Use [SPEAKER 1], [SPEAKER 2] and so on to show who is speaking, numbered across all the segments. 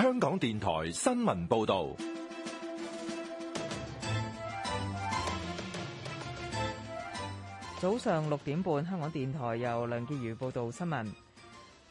[SPEAKER 1] 香港電台新聞報道，
[SPEAKER 2] 早上六點半，香港電台由梁潔如報道新聞。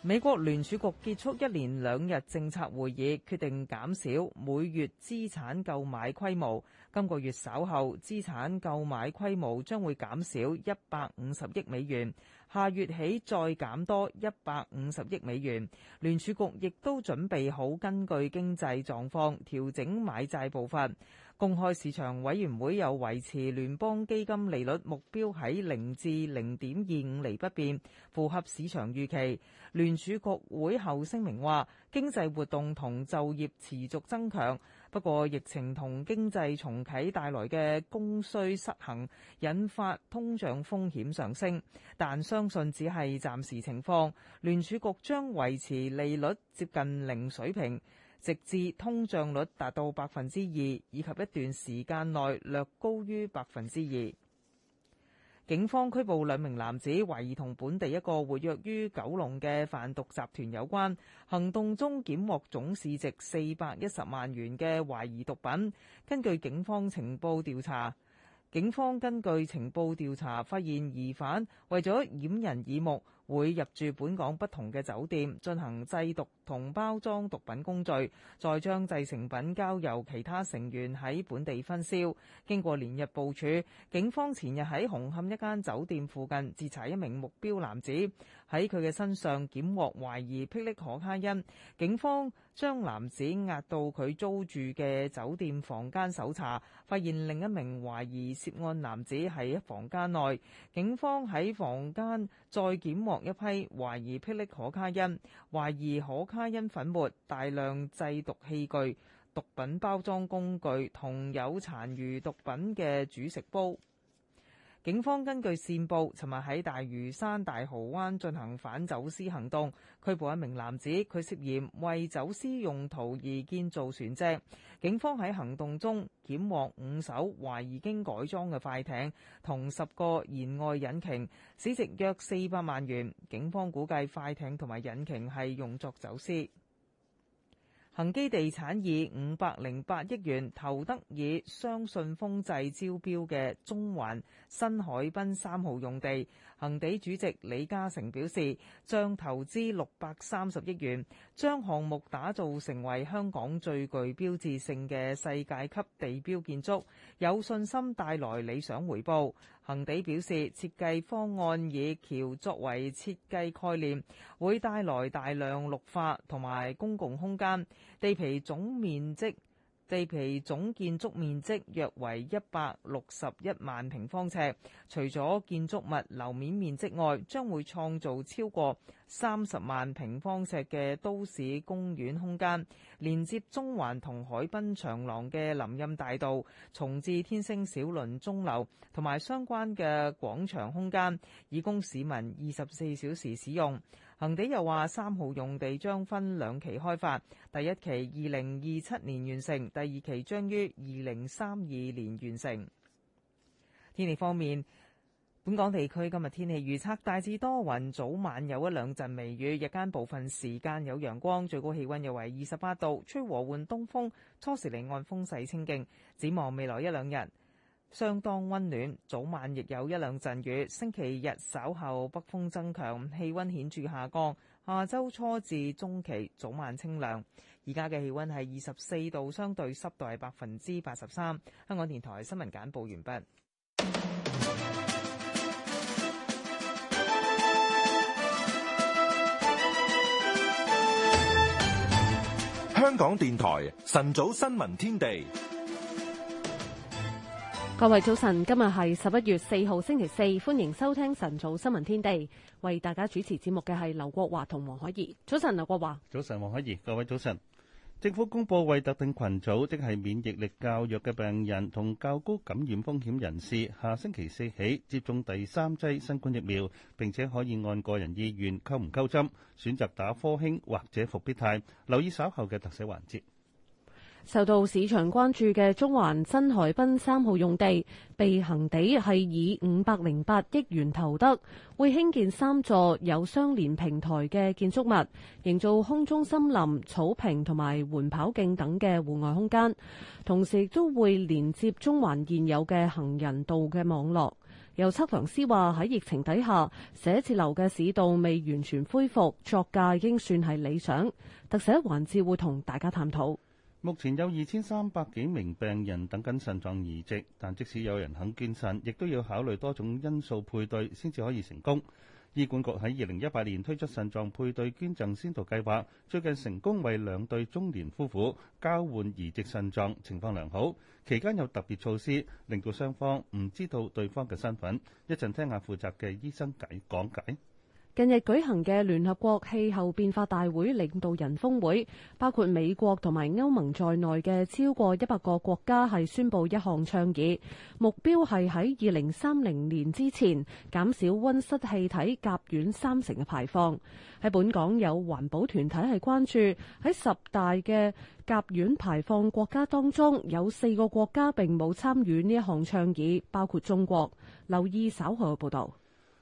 [SPEAKER 2] 美國聯儲局結束一連兩日政策會議，決定減少每月資產購買規模。今個月稍後，資產購買規模將會減少一百五十億美元。下月起再減多一百五十億美元，聯儲局亦都準備好根據經濟狀況調整買債部分。公開市場委員會又維持聯邦基金利率目標喺零至零點二五厘不變，符合市場預期。聯儲局會後聲明話，經濟活動同就業持續增強。不過，疫情同經濟重啟帶來嘅供需失衡，引發通脹風險上升。但相信只係暫時情況，聯儲局將維持利率接近零水平，直至通脹率達到百分之二，以及一段時間內略高於百分之二。警方拘捕兩名男子，懷疑同本地一個活躍於九龍嘅販毒集團有關。行動中檢獲總市值四百一十萬元嘅懷疑毒品。根據警方情報調查，警方根據情報調查發現疑犯為咗掩人耳目。會入住本港不同嘅酒店，進行製毒同包裝毒品工序，再將製成品交由其他成員喺本地分銷。經過連日部署，警方前日喺紅磡一間酒店附近截查一名目標男子。喺佢嘅身上檢獲懷疑霹靂可卡因，警方將男子押到佢租住嘅酒店房間搜查，發現另一名懷疑涉案男子喺房間內，警方喺房間再檢獲一批懷疑霹靂可卡因、懷疑可卡因粉末、大量製毒器具、毒品包裝工具同有殘餘毒品嘅煮食煲。警方根據線報，尋日喺大嶼山大蠔灣進行反走私行動，拘捕一名男子，佢涉嫌為走私用途而建造船隻。警方喺行動中檢獲五艘懷疑已經改裝嘅快艇同十個舷外引擎，市值約四百萬元。警方估計快艇同埋引擎係用作走私。恒基地產以五百零八億元投得以雙信封制招標嘅中環新海濱三號用地。恒地主席李家誠表示，將投資六百三十億元，將項目打造成為香港最具標誌性嘅世界級地標建築，有信心帶來理想回報。恒地表示，設計方案以橋作為設計概念，會帶來大量綠化同埋公共空間，地皮總面積。地皮總建築面積約為一百六十一萬平方尺，除咗建築物樓面面積外，將會創造超過三十萬平方尺嘅都市公園空間，連接中環同海濱長廊嘅林蔭大道，重置天星小輪鐘樓同埋相關嘅廣場空間，以供市民二十四小時使用。恒地又話，三號用地將分兩期開發，第一期二零二七年完成，第二期將於二零三二年完成。天氣方面，本港地區今日天氣預測大致多雲，早晚有一兩陣微雨，日間部分時間有陽光，最高氣温約為二十八度，吹和緩東風，初時離岸風勢清勁，展望未來一兩日。相當溫暖，早晚亦有一兩陣雨。星期日稍後北風增強，氣溫顯著下降。下周初至中期早晚清涼。而家嘅氣溫係二十四度，相對濕度係百分之八十三。香港電台新聞簡報完畢。
[SPEAKER 1] 香港電台晨早新聞天地。
[SPEAKER 3] 各位早晨，今日係十一月四號星期四，歡迎收聽晨早新聞天地。為大家主持節目嘅係劉國華同黃海怡。早晨，劉國華。
[SPEAKER 4] 早晨，黃海怡。各位早晨。政府公布為特定群組，即係免疫力較弱嘅病人同較高感染風險人士，下星期四起接種第三劑新冠疫苗，並且可以按個人意願，溝唔溝針，選擇打科興或者復必泰。留意稍後嘅特寫環節。
[SPEAKER 3] 受到市場關注嘅中環新海濱三號用地，恒地係以五百零八億元投得，會興建三座有相連平台嘅建築物，營造空中森林、草坪同埋緩跑徑等嘅戶外空間，同時亦都會連接中環現有嘅行人道嘅網絡。有測量師話喺疫情底下寫字樓嘅市道未完全恢復，作價已經算係理想。特寫環節會同大家探討。
[SPEAKER 4] 目前有二千三百幾名病人等緊腎臟移植，但即使有人肯捐腎，亦都要考慮多種因素配對先至可以成功。醫管局喺二零一八年推出腎臟配對捐贈先導計劃，最近成功為兩對中年夫婦交換移植腎臟，情況良好。期間有特別措施令到雙方唔知道對方嘅身份。一陣聽下負責嘅醫生解講解。
[SPEAKER 3] 近日舉行嘅聯合國氣候變化大會領導人峰會，包括美國同埋歐盟在內嘅超過一百個國家係宣布一項倡議，目標係喺二零三零年之前減少溫室氣體甲烷三成嘅排放。喺本港有環保團體係關注，喺十大嘅甲烷排放國家當中，有四個國家並冇參與呢一項倡議，包括中國。留意稍後嘅報道。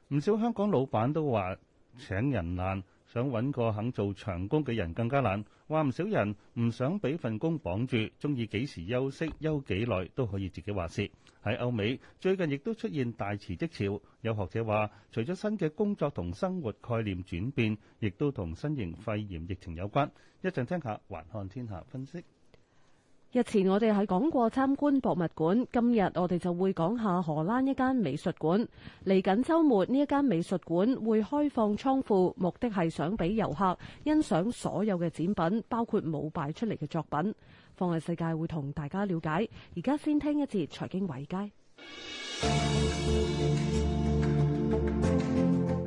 [SPEAKER 4] 唔少香港老闆都話請人難，想揾個肯做長工嘅人更加難，話唔少人唔想俾份工綁住，中意幾時休息、休幾耐都可以自己話事。喺歐美最近亦都出現大辭職潮，有學者話除咗新嘅工作同生活概念轉變亦都同新型肺炎疫情有關，一陣聽下還看天下分析。
[SPEAKER 3] 日前我哋喺講過參觀博物館，今日我哋就會講下荷蘭一間美術館。嚟緊周末呢一間美術館會開放倉庫，目的係想俾遊客欣賞所有嘅展品，包括冇擺出嚟嘅作品。放喺世界會同大家了解。而家先聽一節財經華爾街，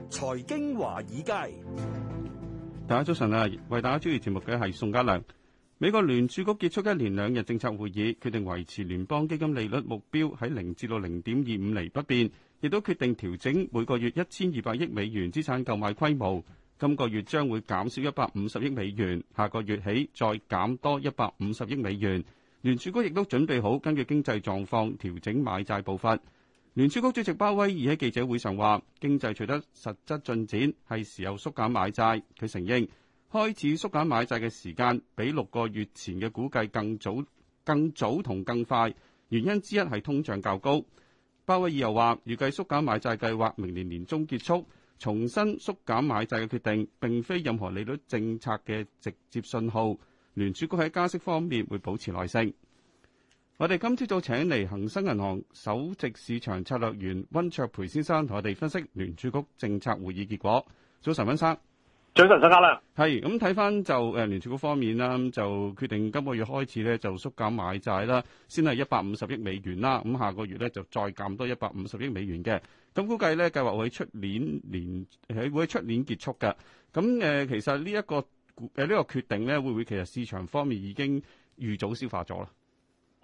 [SPEAKER 1] 財經
[SPEAKER 5] 華爾街。街大家早晨啊，為大家主持節目嘅係宋嘉良。美國聯儲局結束一年兩日政策會議，決定維持聯邦基金利率目標喺零至到零點二五厘不變，亦都決定調整每個月一千二百億美元資產購買規模。今個月將會減少一百五十億美元，下個月起再減多一百五十億美元。聯儲局亦都準備好根據經濟狀況調整買債步伐。聯儲局主席鮑威爾喺記者會上話：經濟取得實質進展，係時候縮減買債。佢承認。開始縮減買債嘅時間，比六個月前嘅估計更早、更早同更快。原因之一係通脹較高。鮑威爾又話：預計縮減買債計劃明年年中結束。重申縮減買債嘅決定並非任何利率政策嘅直接信號。聯儲局喺加息方面會保持耐性。我哋今朝早請嚟恒生銀行首席市場策略員温卓培先生同我哋分析聯儲局政策會議結果。早晨，温生。最近增加啦，係咁睇翻就誒，聯儲局方面啦，就決定今個月開始咧就縮減買債啦，先係一百五十億美元啦，咁下個月咧就再減多一百五十億美元嘅，咁估計咧計劃會出年年喺會喺出年結束嘅，咁誒其實呢、這、一個誒呢、這個決定咧會唔會其實市場方面已經預早消化咗啦？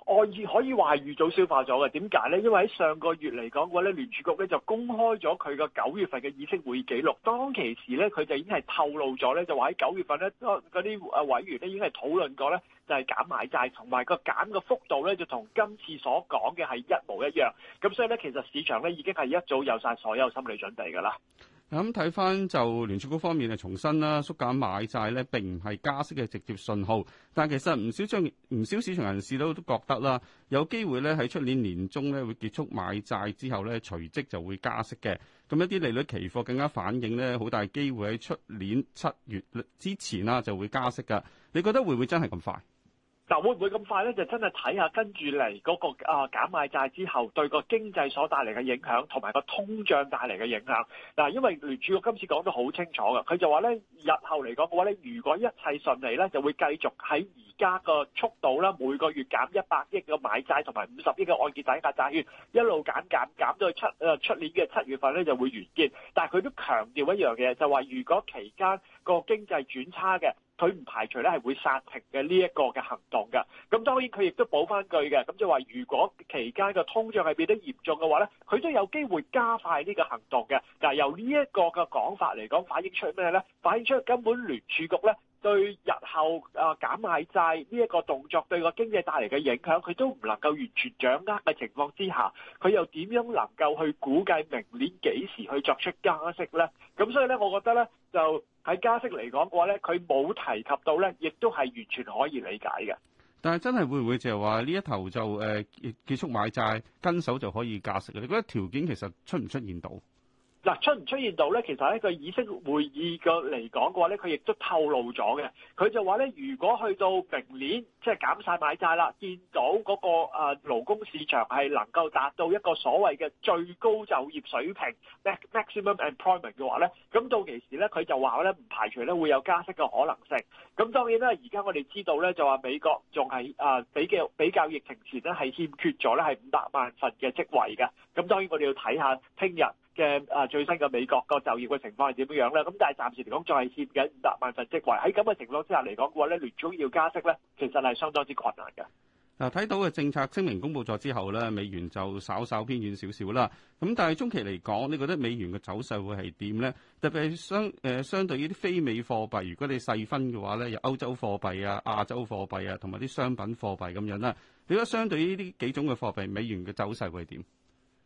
[SPEAKER 6] 我可以話係預早消化咗嘅，點解呢？因為喺上個月嚟講嘅咧，聯儲局咧就公開咗佢個九月份嘅議息會議記錄，當其時咧佢就已經係透露咗咧，就話喺九月份咧嗰啲委員咧已經係討論過咧，就係、是、減買債，同埋個減嘅幅度咧就同今次所講嘅係一模一樣，咁所以咧其實市場咧已經係一早有晒所有心理準備㗎啦。
[SPEAKER 5] 咁睇翻就聯儲局方面嚟重申啦，縮減買債咧並唔係加息嘅直接信號，但係其實唔少將唔少市場人士都都覺得啦，有機會咧喺出年年中咧會結束買債之後咧隨即就會加息嘅，咁一啲利率期貨更加反映咧好大機會喺出年七月之前啦就會加息噶，你覺得會唔會真係咁快？
[SPEAKER 6] 嗱，會唔會咁快咧？就真係睇下跟住嚟嗰個啊減買債之後對個經濟所帶嚟嘅影響，同埋個通脹帶嚟嘅影響。嗱，因為聯儲局今次講得好清楚嘅，佢就話咧，日後嚟講嘅話咧，如果一切順利咧，就會繼續喺而家個速度啦，每個月減一百億嘅買債同埋五十億嘅按揭抵押債券，一路減減減，到七啊出年嘅七月份咧就會完結。但係佢都強調一樣嘅嘢，就話如果期間個經濟轉差嘅。佢唔排除咧係會殺停嘅呢一個嘅行動㗎，咁當然佢亦都補翻句嘅，咁就話如果期間嘅通脹係變得嚴重嘅話咧，佢都有機會加快呢個行動嘅。但係，由呢一個嘅講法嚟講，反映出咩咧？反映出根本聯儲局咧對日後啊減買債呢一個動作對個經濟帶嚟嘅影響，佢都唔能夠完全掌握嘅情況之下，佢又點樣能夠去估計明年幾時去作出加息咧？咁所以咧，我覺得咧。就喺加息嚟講嘅話咧，佢冇提及到咧，亦都係完全可以理解嘅。
[SPEAKER 5] 但係真係會唔會就係話呢一頭就誒結束買債，跟手就可以加息嘅？你覺得條件其實出唔出現到？
[SPEAKER 6] 嗱，出唔出現到咧？其實喺個議息會議嘅嚟講嘅話咧，佢亦都透露咗嘅。佢就話咧，如果去到明年即係、就是、減晒買債啦，見到嗰個勞工市場係能夠達到一個所謂嘅最高就業水平 （maximum employment） 嘅話咧，咁到其時咧，佢就話咧唔排除咧會有加息嘅可能性。咁當然啦，而家我哋知道咧，就話美國仲係啊比較比較疫情前咧係欠缺咗咧係五百萬份嘅職位嘅。咁當然我哋要睇下聽日。嘅啊最新嘅美國個就業嘅情況係點樣樣咧？咁但係暫時嚟講，再係欠緊五百萬份職位。喺咁嘅情況之下嚟講嘅話咧，聯儲要加息咧，其實係相當之困難
[SPEAKER 5] 嘅。嗱，睇到嘅政策聲明公布咗之後咧，美元就稍稍偏軟少少啦。咁但係中期嚟講，你覺得美元嘅走勢會係點咧？特別係相誒相對於啲非美貨幣，如果你細分嘅話咧，有歐洲貨幣啊、亞洲貨幣啊，同埋啲商品貨幣咁樣啦。你覺得相對於呢幾種嘅貨幣，美元嘅走勢會係點？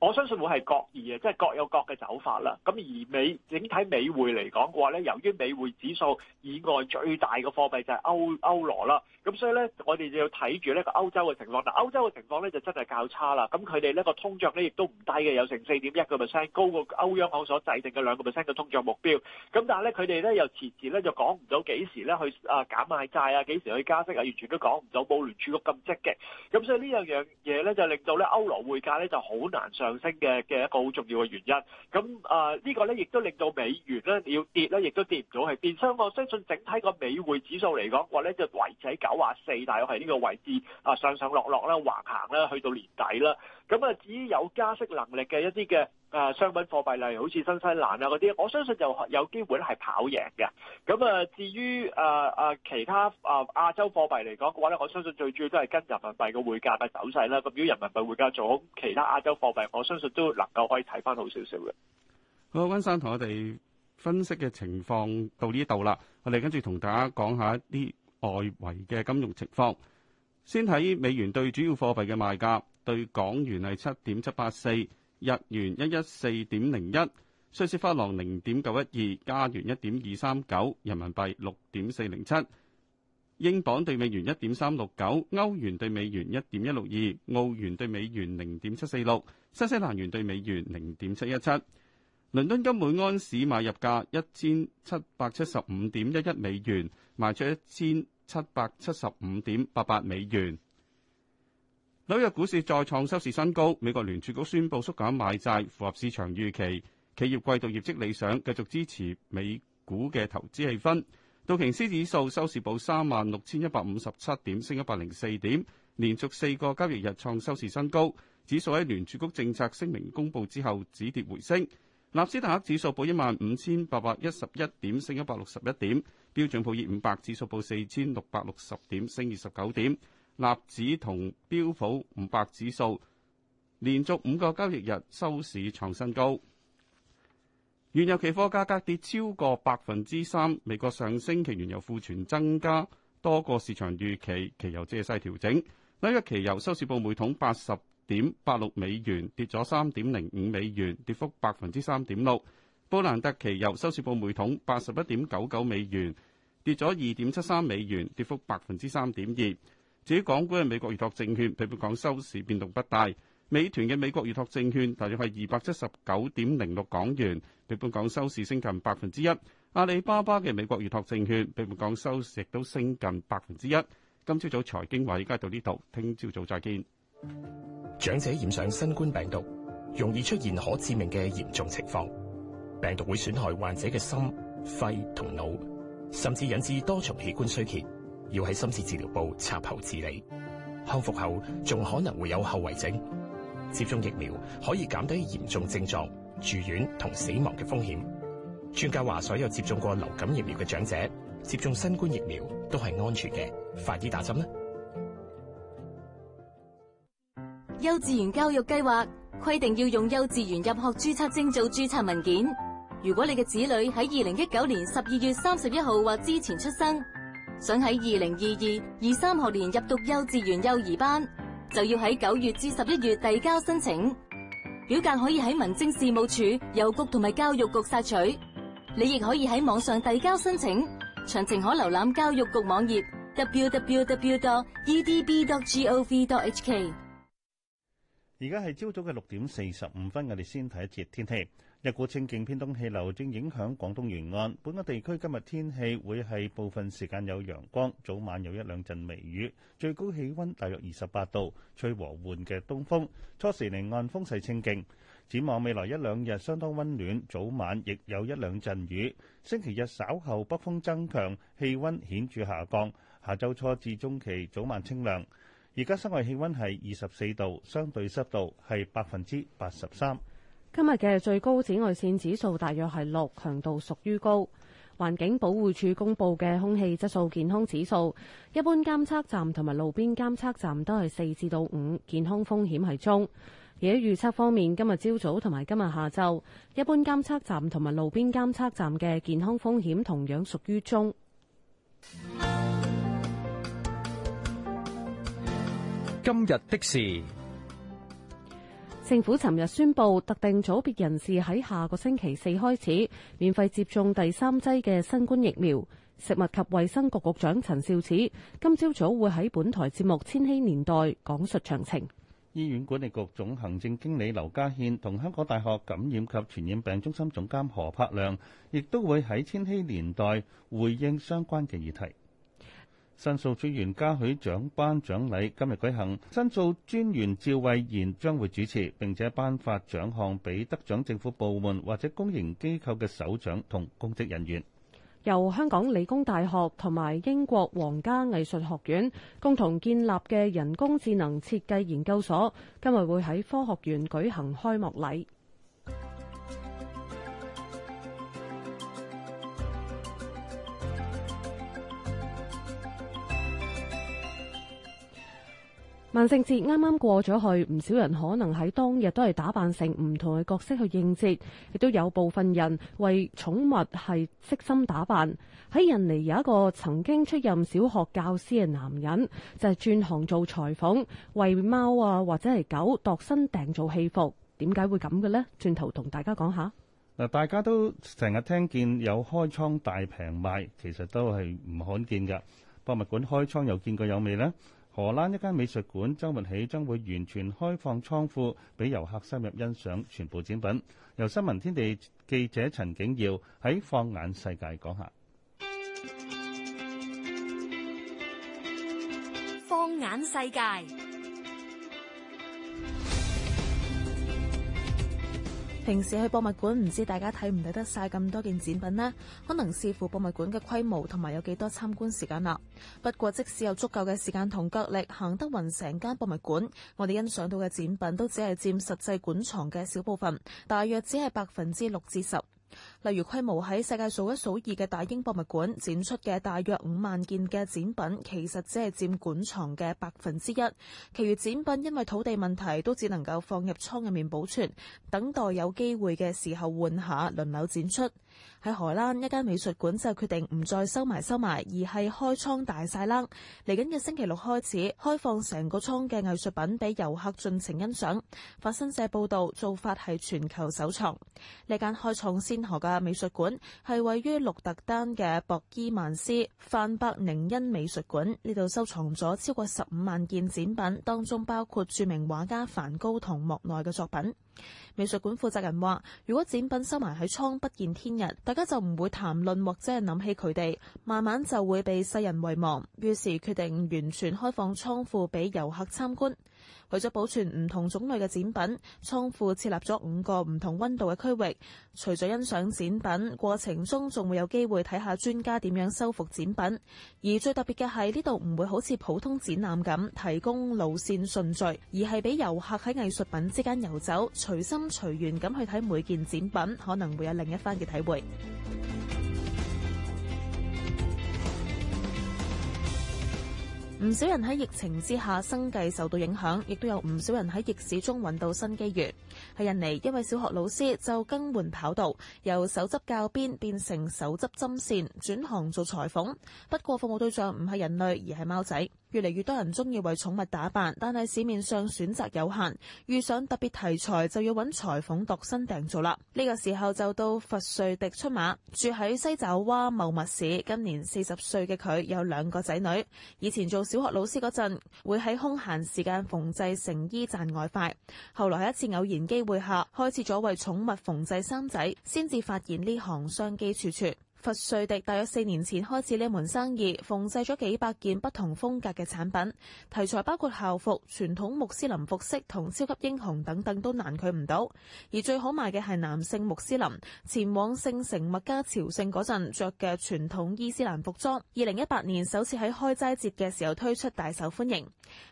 [SPEAKER 6] 我相信會係各異嘅，即係各有各嘅走法啦。咁而美整體美匯嚟講嘅話咧，由於美匯指數以外最大嘅貨幣就係歐歐羅啦，咁所以咧我哋就要睇住呢個歐洲嘅情況。嗱，歐洲嘅情況咧就真係較差啦。咁佢哋呢個通脹咧亦都唔低嘅，有成四點一個 percent 高過歐央行所制定嘅兩個 percent 嘅通脹目標。咁但係咧佢哋咧又遲遲咧就講唔到幾時咧去啊減買債啊，幾時去加息啊，完全都講唔到，冇聯儲局咁積極。咁所以呢樣樣嘢咧就令到咧歐羅匯價咧就好難上。上升嘅嘅一個好重要嘅原因，咁誒、呃這個、呢個咧亦都令到美元咧要跌咧，亦都跌唔到係變相，我相信整體個美匯指數嚟講，我咧就維持喺九啊四，大約喺呢個位置啊上上落落啦，橫行啦，去到年底啦。咁啊，至於有加息能力嘅一啲嘅啊商品貨幣，例如好似新西蘭啊嗰啲，我相信就有機會係跑贏嘅。咁啊，至於啊啊其他啊亞洲貨幣嚟講嘅話咧，我相信最主要都係跟人民幣嘅匯價嘅走勢啦。咁如果人民幣匯價做好，其他亞洲貨幣我相信都能夠可以睇翻好少少嘅。
[SPEAKER 5] 好，温生同我哋分析嘅情況到呢度啦，我哋跟住同大家講下一啲外圍嘅金融情況，先睇美元對主要貨幣嘅賣價。對港元係七點七八四，日元一一四點零一，瑞士法郎零點九一二，加元一點二三九，人民幣六點四零七，英鎊對美元一點三六九，歐元對美元一點一六二，澳元對美元零點七四六，新西蘭元對美元零點七一七。倫敦金每安士買入價一千七百七十五點一一美元，賣出一千七百七十五點八八美元。紐約股市再創收市新高，美國聯儲局宣布縮減買債，符合市場預期。企業季度業績理想，繼續支持美股嘅投資氣氛。道瓊斯指數收市報三萬六千一百五十七點，升一百零四點，連續四個交易日創收市新高。指數喺聯儲局政策聲明公布之後止跌回升。納斯達克指數報一萬五千八百一十一點，升一百六十一點。標準普爾五百指數報四千六百六十點，升二十九點。納指同標普五百指數連續五個交易日收市創新高。原油期貨價格跌超過百分之三，美國上星期原油庫存增加多過市場預期，期油借勢調整。紐約期油收市報每桶八十點八六美元，跌咗三點零五美元，跌幅百分之三點六。布蘭特期油收市報每桶八十一點九九美元，跌咗二點七三美元，跌幅百分之三點二。至於港股嘅美國預託證券，比本港收市變動不大。美團嘅美國預託證券大約係二百七十九點零六港元，比本港收市升近百分之一。阿里巴巴嘅美國預託證券比本港收市亦都升近百分之一。今朝早財經話依家到呢度，聽朝早再見。長
[SPEAKER 6] 者染上新冠病毒，容易出現可致命嘅嚴重情況，病毒會損害患者嘅心、肺同腦，甚至引致多重器官衰竭。要喺深切治療部插喉治理，康復後仲可能會有後遺症。接種疫苗可以減低嚴重症狀、住院同死亡嘅風險。專家話，所有接種過流感疫苗嘅長者接種新冠疫苗都係安
[SPEAKER 7] 全嘅。快啲打針啦！
[SPEAKER 2] 幼稚園教育計劃規定要用幼稚園入學註冊證做註冊文件。如果你嘅子女喺二零一九年十二月三十一號或之前出生，.想喺二零二二二三學年入讀幼稚園幼兒班，就要喺九月至十一月遞交申請。表格可以喺民政事務處、郵局同埋教育局索取，你亦可以喺網上遞交申請。詳情可瀏覽教育局網頁，www.edb.gov.hk。而
[SPEAKER 4] 家係朝早嘅六點四十五分，我哋先睇一節天氣。一股清勁偏東氣流正影響廣東沿岸，本港地區今日天氣會係部分時間有陽光，早晚有一兩陣微雨，最高氣温大約二十八度，吹和緩嘅東風，初時離岸風勢清勁。展望未來一兩日相當温暖，早晚亦有一兩陣雨。星期日稍後北風增強，氣温顯著下降。下週初至中期早晚清涼。而家室外氣温係二十四度，相對濕度係百分之八十三。
[SPEAKER 3] 今日嘅最高紫外線指數大約係六，強度屬於高。環境保護署公布嘅空氣質素健康指數，一般監測站同埋路邊監測站都係四至到五，5，健康風險係中。而喺預測方面，今日朝早同埋今日下晝，一般監測站同埋路邊監測站嘅健康風險同樣屬於中。
[SPEAKER 8] 今日的事。
[SPEAKER 3] 政府尋日宣布，特定組別人士喺下個星期四開始免費接種第三劑嘅新冠疫苗。食物及衛生局局長陳肇始今朝早會喺本台節目《千禧年代》講述詳情。
[SPEAKER 4] 醫院管理局總行政經理劉家獻同香港大學感染及傳染病中心總監何柏良亦都會喺《千禧年代》回應相關嘅議題。新訴專員嘉許獎頒獎禮今日舉行，申訴專員趙慧賢將會主持，並且頒發獎項俾得獎政府部門或者公營機構嘅首長同公職人員。
[SPEAKER 3] 由香港理工大學同埋英國皇家藝術學院共同建立嘅人工智能設計研究所，今日會喺科學園舉行開幕禮。萬聖節啱啱過咗去，唔少人可能喺當日都係打扮成唔同嘅角色去應節，亦都有部分人為寵物係悉心打扮。喺印尼有一個曾經出任小學教師嘅男人，就係、是、轉行做裁縫，為貓啊或者係狗度身訂造戲服。點解會咁嘅呢？轉頭同大家講下。
[SPEAKER 4] 嗱，大家都成日聽見有開倉大平賣，其實都係唔罕見㗎。博物館開倉又見過有未呢？荷蘭一間美術館周末起將會完全開放倉庫，俾遊客深入欣賞全部展品。由新聞天地記者陳景耀喺《放眼世界》講下。
[SPEAKER 3] 放眼世界。
[SPEAKER 9] 平時去博物館，唔知大家睇唔睇得晒咁多件展品呢？可能視乎博物館嘅規模同埋有幾多參觀時間啦。不過即使有足夠嘅時間同腳力行得勻成間博物館，我哋欣賞到嘅展品都只係佔實際館藏嘅小部分，大約只係百分之六至十。例如規模喺世界數一數二嘅大英博物館展出嘅大約五萬件嘅展品，其實只係佔館藏嘅百分之一。其餘展品因為土地問題，都只能夠放入倉入面保存，等待有機會嘅時候換下，輪流展出。喺荷蘭一間美術館就決定唔再收埋收埋，而係開倉大晒啦！嚟緊嘅星期六開始開放成個倉嘅藝術品俾遊客盡情欣賞。法新社報導，做法係全球首創。呢間開倉先河嘅美術館係位於鹿特丹嘅博伊曼斯范伯寧恩美術館，呢度收藏咗超過十五萬件展品，當中包括著名畫家梵高同莫奈嘅作品。美術館負責人話，如果展品收埋喺倉不見天日，大家就唔會談論或者係諗起佢哋，慢慢就會被世人遺忘，於是決定完全開放倉庫俾遊客參觀。為咗保存唔同種類嘅展品，倉庫設立咗五個唔同溫度嘅區域。除咗欣賞展品過程中，仲會有機會睇下專家點樣修復展品。而最特別嘅係呢度唔會好似普通展覽咁提供路線順序，而係俾遊客喺藝術品之間遊走，隨心隨緣咁去睇每件展品，可能會有另一番嘅體會。唔少人喺疫情之下生計受到影響，亦都有唔少人喺逆市中揾到新機遇。喺印尼，一位小學老師就更換跑道，由手執教鞭變成手執針線，轉行做裁縫。不過服務對象唔係人類，而係貓仔。越嚟越多人中意為寵物打扮，但係市面上選擇有限，遇上特別題材就要揾裁縫度身訂做啦。呢、這個時候就到佛瑞迪出馬。住喺西爪哇茂物市，今年四十歲嘅佢有兩個仔女。以前做小學老師嗰陣，會喺空閒時間縫製成衣賺外快。後來喺一次偶然機會下，開始咗為寵物縫製衫仔，先至發現呢行商機處處。佛瑞迪大約四年前開始呢門生意，縫製咗幾百件不同風格嘅產品，題材包括校服、傳統穆斯林服飾同超級英雄等等，都難佢唔到。而最好賣嘅係男性穆斯林前往聖城麥加朝聖嗰陣著嘅傳統伊斯蘭服裝。二零一八年首次喺開齋節嘅時候推出，大受歡迎。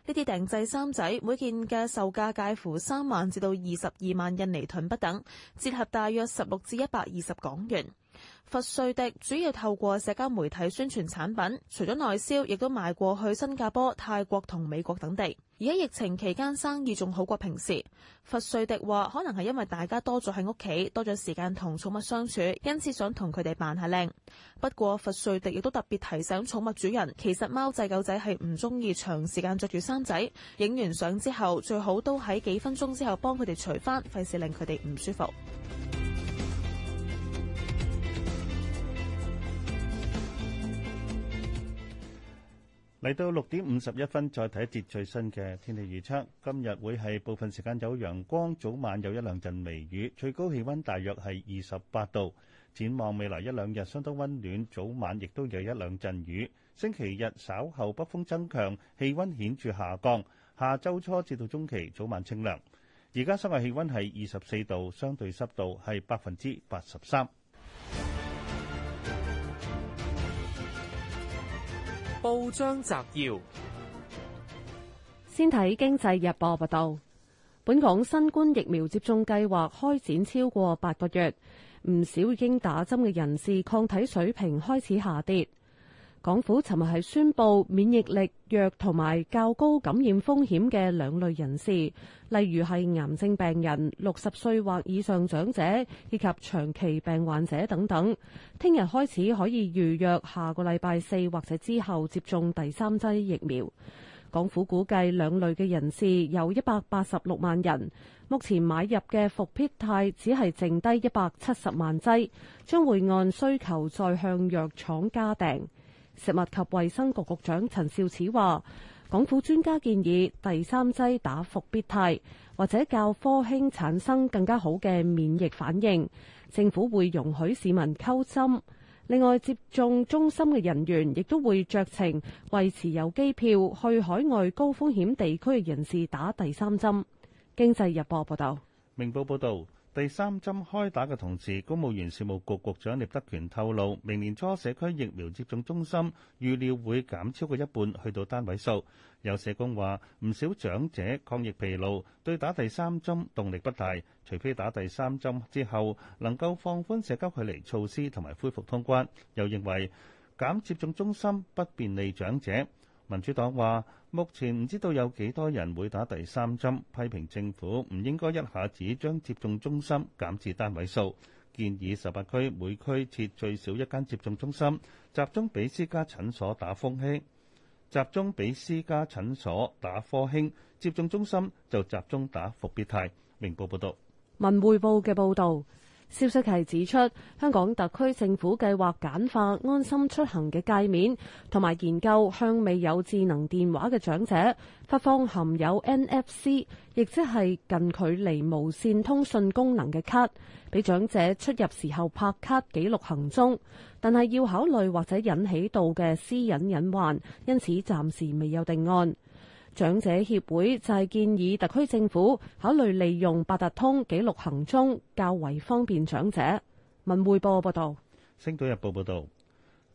[SPEAKER 9] 呢啲訂製衫仔每件嘅售價介乎三萬至到二十二萬印尼盾不等，折合大約十六至一百二十港元。佛瑞迪主要透過社交媒體宣傳產品，除咗內銷，亦都賣過去新加坡、泰國同美國等地。而喺疫情期間，生意仲好過平時。佛瑞迪話，可能係因為大家多咗喺屋企，多咗時間同寵物相處，因此想同佢哋扮下靚。不過，佛瑞迪亦都特別提醒寵物主人，其實貓仔狗仔係唔中意長時間着住衫仔，影完相之後最好都喺幾分鐘之後幫佢哋除翻，費事令佢哋唔舒服。
[SPEAKER 4] 嚟到六點五十一分，再睇一節最新嘅天氣預測。今日會係部分時間有陽光，早晚有一兩陣微雨。最高氣溫大約係二十八度。展望未來一兩日相當溫暖，早晚亦都有一兩陣雨。星期日稍後北風增強，氣溫顯著下降。下周初至到中期早晚清涼。而家室外氣溫係二十四度，相對濕度係百分之八十三。
[SPEAKER 10] 報章摘要：
[SPEAKER 3] 先睇《經濟日報》報道，本港新冠疫苗接種計劃開展超過八個月，唔少已經打針嘅人士抗體水平開始下跌。港府尋日係宣布免疫力弱同埋較高感染風險嘅兩類人士，例如係癌症病人、六十歲或以上長者以及長期病患者等等。聽日開始可以預約下個禮拜四或者之後接種第三劑疫苗。港府估計兩類嘅人士有一百八十六萬人。目前買入嘅復必泰只係剩低一百七十萬劑，將會按需求再向藥廠加訂。食物及衛生局局長陳肇始話，港府專家建議第三劑打伏必泰，或者較科興產生更加好嘅免疫反應。政府會容許市民溝針。另外，接種中心嘅人員亦都會酌情為持有機票去海外高風險地區嘅人士打第三針。經濟日報報道，
[SPEAKER 4] 明報報道。第三針開打嘅同時，公務員事務局局長聶德權透露，明年初社區疫苗接種中心預料會減超過一半，去到單位數。有社工話，唔少長者抗疫疲勞，對打第三針動力不大，除非打第三針之後能夠放寬社交距離措施同埋恢復通關。又認為減接種中心不便利長者。民主黨話。目前唔知道有幾多人會打第三針，批評政府唔應該一下子將接種中心減至單位數，建議十八區每區設最少一間接種中心，集中俾私家診所打風興，集中俾私家診所打科興，接種中心就集中打復必泰。明報報道。
[SPEAKER 3] 文匯報嘅報道。消息係指出，香港特區政府計劃簡化安心出行嘅界面，同埋研究向未有智能電話嘅長者發放含有 NFC，亦即係近距離無線通訊功能嘅卡，俾長者出入時候拍卡記錄行蹤，但係要考慮或者引起到嘅私隱隱患，因此暫時未有定案。長者協會就係建議特區政府考慮利用八達通紀錄行蹤，較為方便長者。文匯報報
[SPEAKER 4] 道，《星島日報》報道，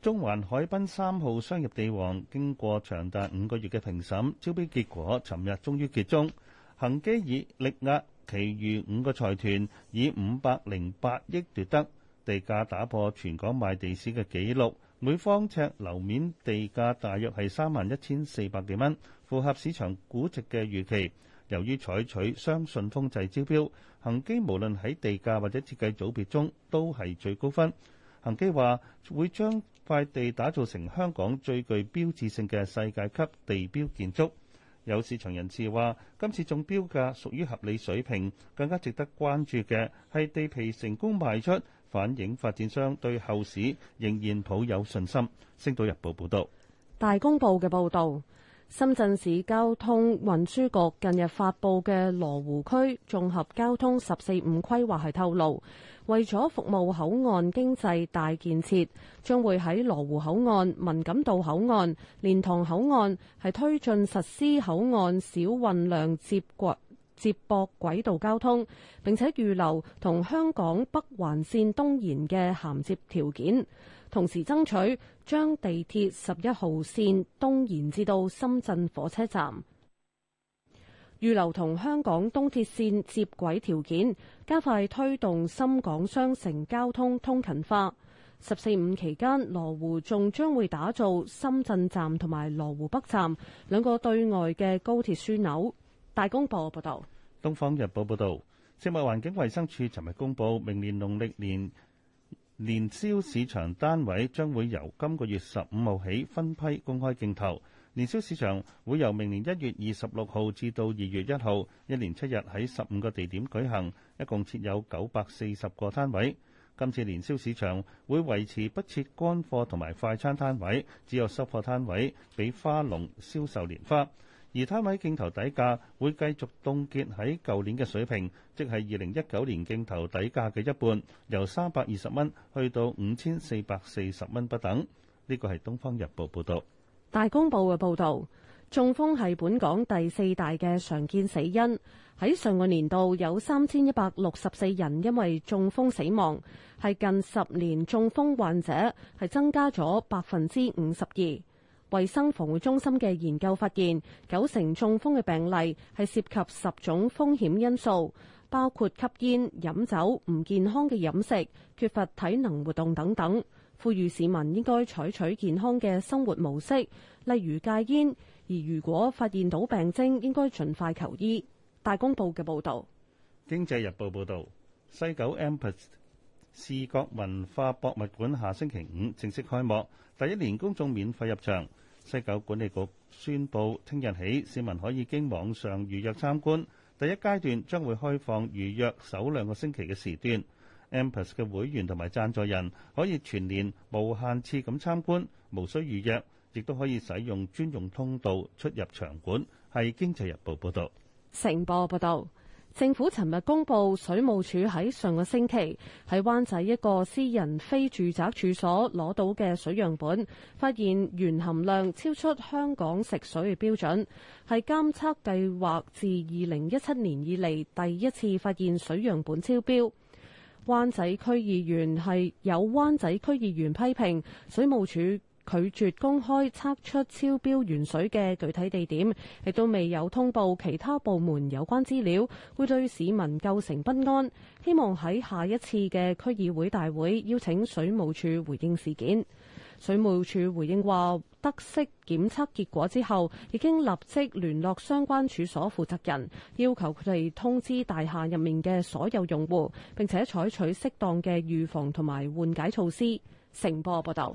[SPEAKER 4] 中環海濱三號商業地王經過長達五個月嘅評審，招標結果尋日終於揭盅，恒基以力壓其餘五個財團，以五百零八億奪得地價，打破全港賣地史嘅紀錄。每方尺樓面地價大約係三萬一千四百幾蚊，符合市場估值嘅預期。由於採取雙信封制招標，恒基無論喺地價或者設計組別中都係最高分。恒基話會將塊地打造成香港最具標誌性嘅世界級地標建築。有市場人士話，今次中標價屬於合理水平，更加值得關注嘅係地皮成功賣出。反映發展商對後市仍然抱有信心。星島日報報道，
[SPEAKER 3] 大公報嘅報導，深圳市交通運輸局近日發布嘅羅湖區綜合交通十四五規劃係透露，為咗服務口岸經濟大建設，將會喺羅湖口岸、文錦渡口岸、蓮塘口岸係推進實施口岸小運量接駁。接駁軌道交通，並且預留同香港北環綫東延嘅銜接條件，同時爭取將地鐵十一號綫東延至到深圳火車站，預留同香港東鐵綫接軌條件，加快推動深港雙城交通通勤化。十四五期間，羅湖仲將會打造深圳站同埋羅湖北站兩個對外嘅高鐵樞紐。大公報報道，
[SPEAKER 4] 《東方日報》報道，食物環境衛生署尋日公布，明年農曆年年宵市場單位將會由今個月十五號起分批公開競投。年宵市場會由明年一月二十六號至到二月一號，一年七日喺十五個地點舉行，一共設有九百四十個攤位。今次年宵市場會維持不設乾貨同埋快餐攤位，只有濕貨攤位，俾花農銷售年花。而攤位鏡頭底價會繼續凍結喺舊年嘅水平，即係二零一九年鏡頭底價嘅一半，由三百二十蚊去到五千四百四十蚊不等。呢個係東方日報報道。
[SPEAKER 3] 大公報嘅報道，中風係本港第四大嘅常見死因。喺上個年度有三千一百六十四人因為中風死亡，係近十年中風患者係增加咗百分之五十二。衛生防護中心嘅研究發現，九成中風嘅病例係涉及十種風險因素，包括吸煙、飲酒、唔健康嘅飲食、缺乏體能活動等等。呼籲市民應該採取，取健康嘅生活模式，例如戒煙，而如果發現到病徵，應該盡快求醫。大公報嘅報道，
[SPEAKER 4] 《經濟日報》報道，西九 M+ 視覺文化博物館下星期五正式開幕，第一年公眾免費入場。西九管理局宣布，聽日起市民可以經網上預約參觀，第一階段將會開放預約首兩個星期嘅時段。M+ 嘅會員同埋贊助人可以全年無限次咁參觀，無需預約，亦都可以使用專用通道出入場館，係經濟日報報道。
[SPEAKER 3] 成報報道政府尋日公布，水務署喺上個星期喺灣仔一個私人非住宅處所攞到嘅水樣本，發現鉛含量超出香港食水嘅標準，係監測計劃自2017年以嚟第一次發現水樣本超標。灣仔區議員係有灣仔區議員批評水務署。拒絕公開測出超標原水嘅具體地點，亦都未有通報其他部門有關資料，會對市民構成不安。希望喺下一次嘅區議會大會邀請水務署回應事件。水務署回應話，得悉檢測結果之後，已經立即聯絡相關處所負責人，要求佢哋通知大廈入面嘅所有用戶，並且採取適當嘅預防同埋緩解措施。成波報道。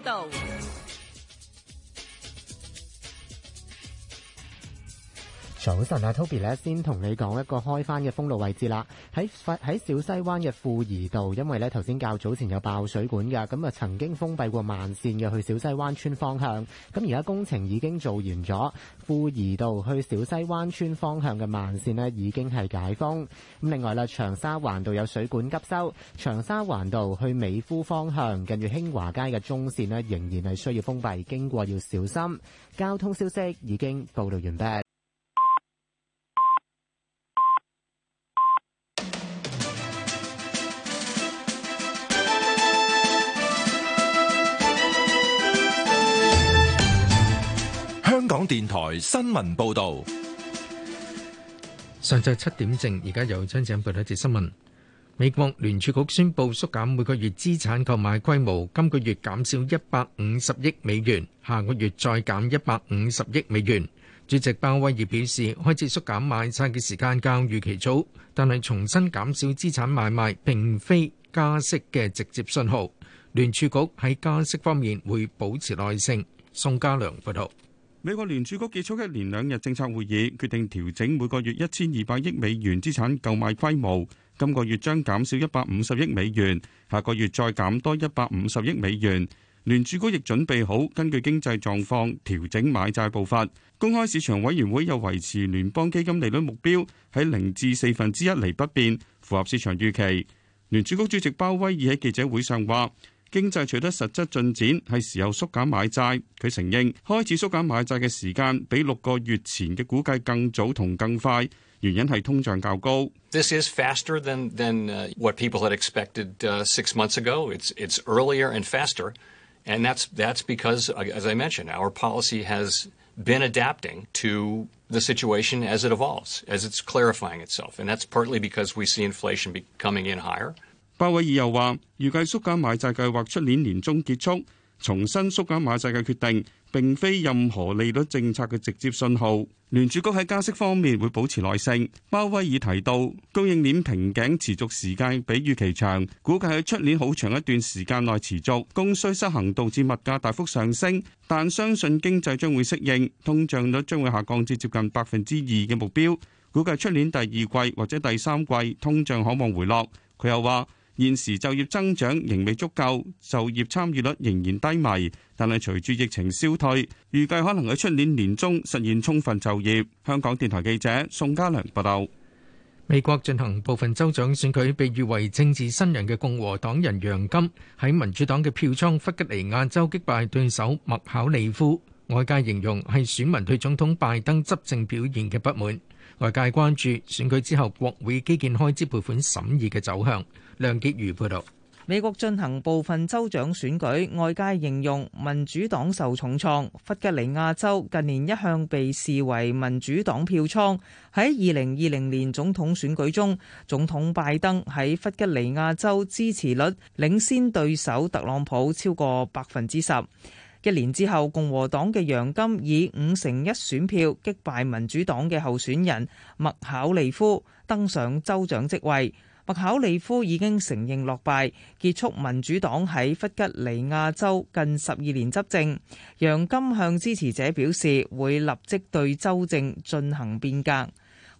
[SPEAKER 11] 報道。
[SPEAKER 10] 早晨啊，Toby 咧，先同你講一個開翻嘅封路位置啦。喺喺小西灣嘅富怡道，因為咧頭先較早前有爆水管嘅，咁啊曾經封閉過慢線嘅去小西灣村方向。咁而家工程已經做完咗，富怡道去小西灣村方向嘅慢線呢已經係解封。咁另外啦，長沙環道有水管急修，長沙環道去美孚方向近住興華街嘅中線呢仍然係需要封閉，經過要小心。交通消息已經報道完畢。
[SPEAKER 12] 香港
[SPEAKER 1] 電台新聞報道：
[SPEAKER 8] 上晝七點正，而家有張展報道一節新聞。美國聯儲局宣布縮減每個月資產購買規模，今個月減少一百五十億美元，下個月再減一百五十億美元。主席鮑威爾表示，開始縮減買債嘅時間較預期早，但係重新減少資產買賣，並非加息嘅直接信號。聯儲局喺加息方面會保持耐性。宋家良報道。
[SPEAKER 5] 美國聯儲局結束一連兩日政策會議，決定調整每個月一千二百億美元資產購買規模。今個月將減少一百五十億美元，下個月再減多一百五十億美元。聯儲局亦準備好根據經濟狀況調整買債步伐。公開市場委員會又維持聯邦基金利率目標喺零至四分之一厘不變，符合市場預期。聯儲局主席鮑威爾喺記者會上話。經濟取得實質進展，係時候縮減買債。佢承認開始縮減買債嘅時間比六個月前嘅估計更早同更快，原因係通脹較高。
[SPEAKER 9] This is faster than, than what people had expected six months ago. It's, it's earlier and faster, and that's, that's because, as I mentioned, our policy has been adapting to the situation as it evolves, as it's clarifying itself. And that's partly because we see inflation coming in higher.
[SPEAKER 5] 鮑威爾又話，預計縮減買債計劃出年年終結束，重申縮減買債嘅決定，並非任何利率政策嘅直接信號。聯儲局喺加息方面會保持耐性。鮑威爾提到，供應鏈瓶頸持續時間比預期長，估計喺出年好長一段時間內持續，供需失衡導致物價大幅上升，但相信經濟將會適應，通脹率將會下降至接近百分之二嘅目標。估計出年第二季或者第三季通脹可望回落。佢又話。現時就業增長仍未足夠，就業參與率仍然低迷。但係隨住疫情消退，預計可能喺出年年中
[SPEAKER 8] 實現充分就業。香港電台記者宋家良報道。美國進行部分州長選舉，被譽為政治新人嘅共和黨人楊金喺民主黨嘅票倉弗吉尼亞州擊敗對手麥考利夫，外界形容係選民對總統拜登執政表現嘅不滿。外界關注選舉之後國會基建開支撥款審議嘅走向。梁潔如報道：
[SPEAKER 2] 美國進行部分州長選舉，外界形容民主黨受重創。弗吉尼亞州近年一向被視為民主黨票倉，喺二零二零年總統選舉中，總統拜登喺弗吉尼亞州支持率領先對手特朗普超過百分之十。一年之後，共和黨嘅楊金以五成一選票擊敗民主黨嘅候選人麥考利夫，登上州長職位。麥考利夫已經承認落敗，結束民主黨喺弗吉尼亞州近十二年執政。楊金向支持者表示會立即對州政進行變革。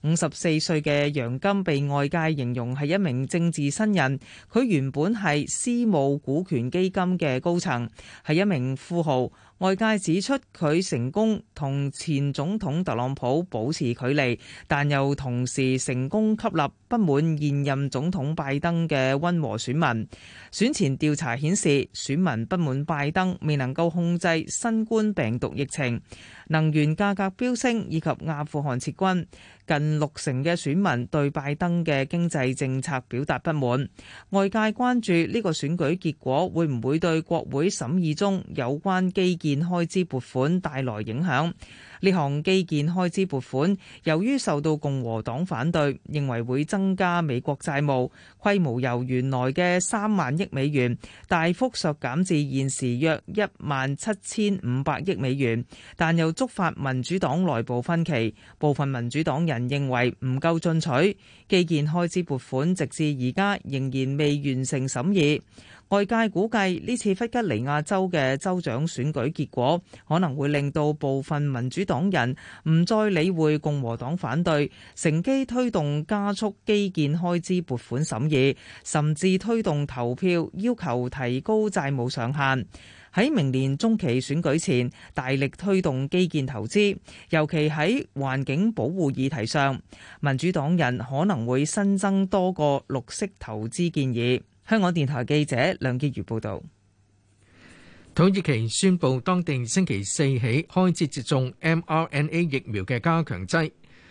[SPEAKER 2] 五十四歲嘅楊金被外界形容係一名政治新人，佢原本係私募股權基金嘅高層，係一名富豪。外界指出佢成功同前總統特朗普保持距離，但又同時成功吸納不滿現任總統拜登嘅溫和選民。選前調查顯示，選民不滿拜登未能夠控制新冠病毒疫情。能源價格飆升以及阿富汗撤軍，近六成嘅選民對拜登嘅經濟政策表達不滿。外界關注呢個選舉結果會唔會對國會審議中有關基建開支撥款帶來影響。呢項基建開支撥款，由於受到共和黨反對，認為會增加美國債務，規模由原來嘅三萬億美元大幅削減至現時約一萬七千五百億美元。但又觸發民主黨內部分歧，部分民主黨人認為唔夠進取，基建開支撥款直至而家仍然未完成審議。外界估計，呢次弗吉尼亞州嘅州長選舉結果可能會令到部分民主黨人唔再理會共和黨反對，乘機推動加速基建開支撥款審議，甚至推動投票要求提高債務上限。喺明年中期選舉前，大力推動基建投資，尤其喺環境保護議題上，民主黨人可能會新增多個綠色投資建議。香港電台記者梁潔如報道：土耳其宣佈，當地星期四起開始接種 mRNA
[SPEAKER 8] 疫苗嘅加強劑。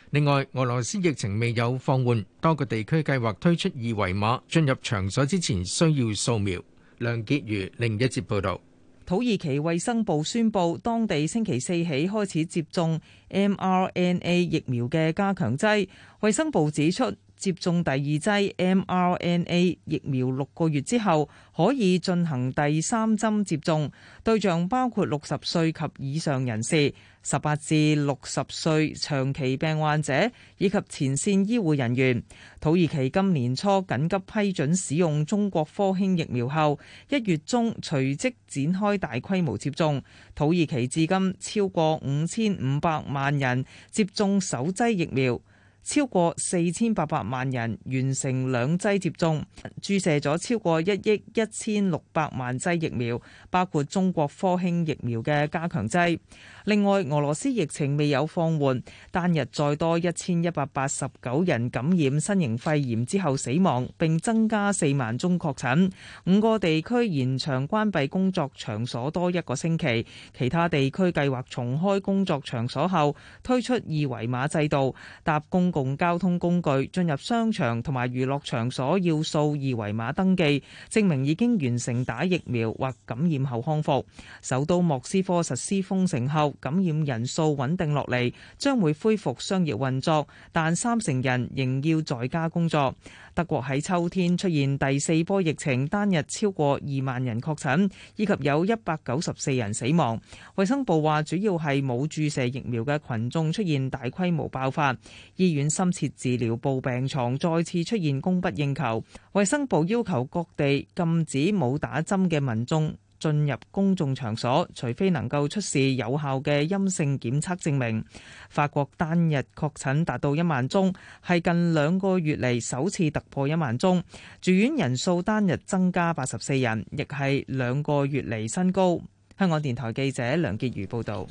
[SPEAKER 8] 另外，俄羅斯疫情未有放緩，多個地區計劃推出二維碼，進入場所之前需要掃描。梁潔如另一節報道：
[SPEAKER 2] 土耳其衛生部宣佈，當地星期四起開始接種 mRNA 疫苗嘅加強劑。衛生部指出，接種第二劑 mRNA 疫苗六個月之後，可以進行第三針接種。對象包括六十歲及以上人士、十八至六十歲長期病患者以及前線醫護人員。土耳其今年初緊急批准使用中國科興疫苗後，一月中隨即展開大規模接種。土耳其至今超過五千五百萬人接種首劑疫苗。超過四千八百萬人完成兩劑接種，注射咗超過一億一千六百萬劑疫苗，包括中國科興疫苗嘅加強劑。另外，俄羅斯疫情未有放緩，單日再多一千一百八十九人感染新型肺炎之後死亡，並增加四萬宗確診。五個地區延長關閉工作場所多一個星期，其他地區計劃重開工作場所後推出二維碼制度，搭公共交通工具、進入商場同埋娛樂場所要掃二維碼登記，證明已經完成打疫苗或感染後康復。首都莫斯科實施封城後，感染人數穩定落嚟，將會恢復商業運作，但三成人仍要在家工作。德國喺秋天出現第四波疫情，單日超過二萬人確診，以及有一百九十四人死亡。衛生部話，主要係冇注射疫苗嘅群眾出現大規模爆發，醫院深切治療部病床再次出現供不應求。衛生部要求各地禁止冇打針嘅民眾。進入公眾場所，除非能夠出示有效嘅陰性檢測證明。法國單日確診達到一萬宗，係近兩個月嚟首次突破一萬宗，住院人數單日增加八十四人，亦係兩個月嚟新高。香港電台記者梁潔如報導。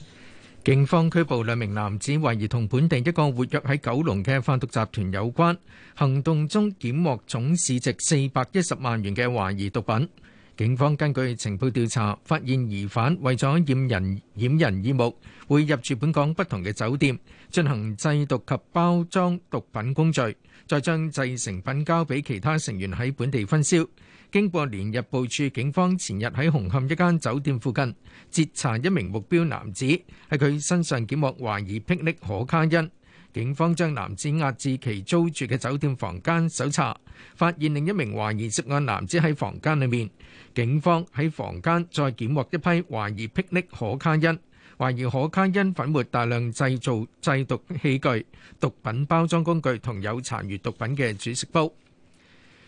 [SPEAKER 8] 警方拘捕兩名男子，懷疑同本地一個活躍喺九龍嘅販毒集團有關。行動中檢獲總市值四百一十萬元嘅懷疑毒品。警方根據情報調查，發現疑犯為咗掩人掩人耳目，會入住本港不同嘅酒店進行製毒及包裝毒品工序，再將製成品交俾其他成員喺本地分銷。經過連日部署，警方前日喺紅磡一間酒店附近截查一名目標男子，喺佢身上檢獲懷疑霹靂可卡因。警方將男子押至其租住嘅酒店房間搜查，發現另一名懷疑涉案男子喺房間裏面。警方喺房間再檢獲一批懷疑霹靂可卡因，懷疑可卡因粉末、大量製造製毒器具、毒品包裝工具同有殘餘毒品嘅煮食煲。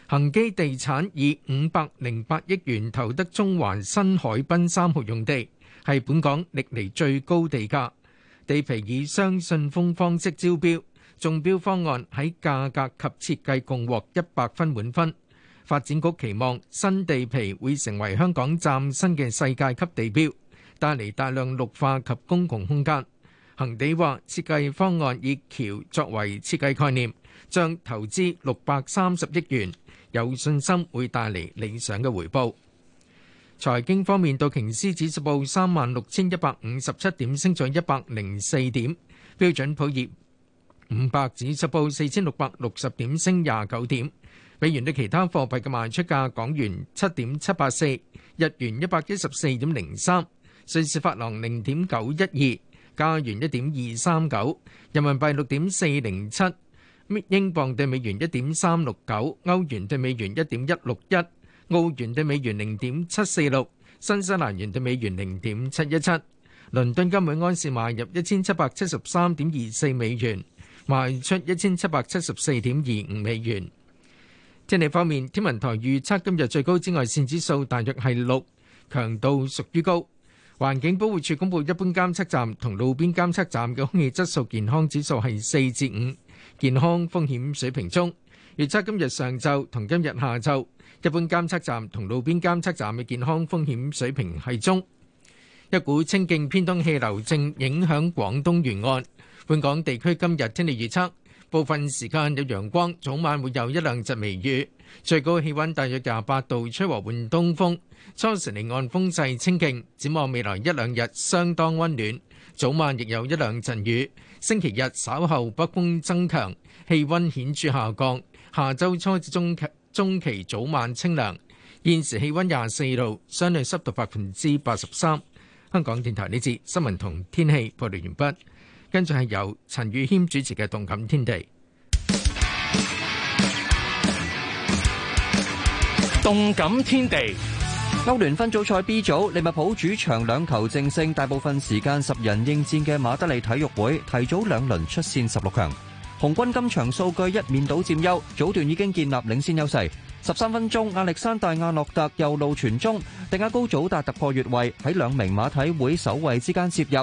[SPEAKER 8] 恒基地產以五百零八億元投得中環新海濱三號用地，係本港歷來最高地價。地皮以雙信封方式招標，中標方案喺價格及設計共獲一百分滿分。發展局期望新地皮會成為香港嶄新嘅世界級地標，帶嚟大量綠化及公共空間。恒地話，設計方案以橋作為設計概念，將投資六百三十億元，有信心會帶嚟理想嘅回報。財經方面，道瓊斯指數報三萬六千一百五十七點，升咗一百零四點；標準普爾五百指數報四千六百六十點，升廿九點。美元對其他貨幣嘅賣出價：港元七點七八四，日元一百一十四點零三，瑞士法郎零點九一二，加元一點二三九，人民幣六點四零七，英鎊對美元一點三六九，歐元對美元一點一六一，澳元對美元零點七四六，新西蘭元對美元零點七一七。倫敦金每安士賣入一千七百七十三點二四美元，賣出一千七百七十四點二五美元。天氣方面，天文台預測今日最高紫外線指數大約係六，強度屬於高。環境保護署公布，一般監測站同路邊監測站嘅空氣質素健康指數係四至五，健康風險水平中。預測今日上晝同今日下晝，一般監測站同路邊監測站嘅健康風險水平係中。一股清勁偏東氣流正影響廣東沿岸，本港地區今日天氣預測。部分時間有陽光，早晚會有一兩陣微雨，最高氣温大約廿八度，吹和緩東風，初時離岸風勢清勁，展望未來一兩日相當温暖，早晚亦有一兩陣雨。星期日稍後北風增強，氣温顯著下降，下周初至中期中期早晚清涼。現時氣温廿四度，相對濕度百分之八十三。香港電台呢節新聞同天氣報道完畢。跟住係由陳宇謙主持嘅《動感天地》。動感天地，歐聯分組賽 B
[SPEAKER 11] 組，利物浦主場兩球正勝，大部分時間十人應戰嘅馬德里體育會提早兩輪出線十六強。紅軍今場數據一面倒佔優，早段已經建立領先優勢。十三分鐘，亞歷山大亞諾特右路傳中，迪亞高祖達突破越位，喺兩名馬體會守衛之間切入。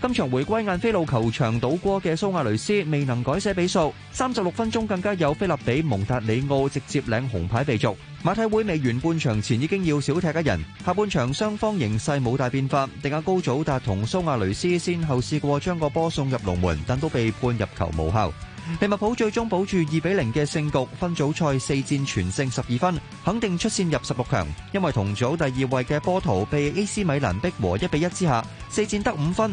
[SPEAKER 11] 今場回歸晏菲路球場，倒戈嘅蘇亞雷斯未能改寫比數。三十六分鐘更加有菲立比蒙達里奧直接領紅牌被逐。馬體會未完半場前已經要少踢一人。下半場雙方形勢冇大變化，迪亞高祖達同蘇亞雷斯先後試過將個波送入龍門，但都被判入球無效。利物浦最終保住二比零嘅勝局，分組賽四戰全勝十二分，肯定出線入十六強。因為同組第二位嘅波圖被 AC 米蘭逼和一比一之下，四戰得五分。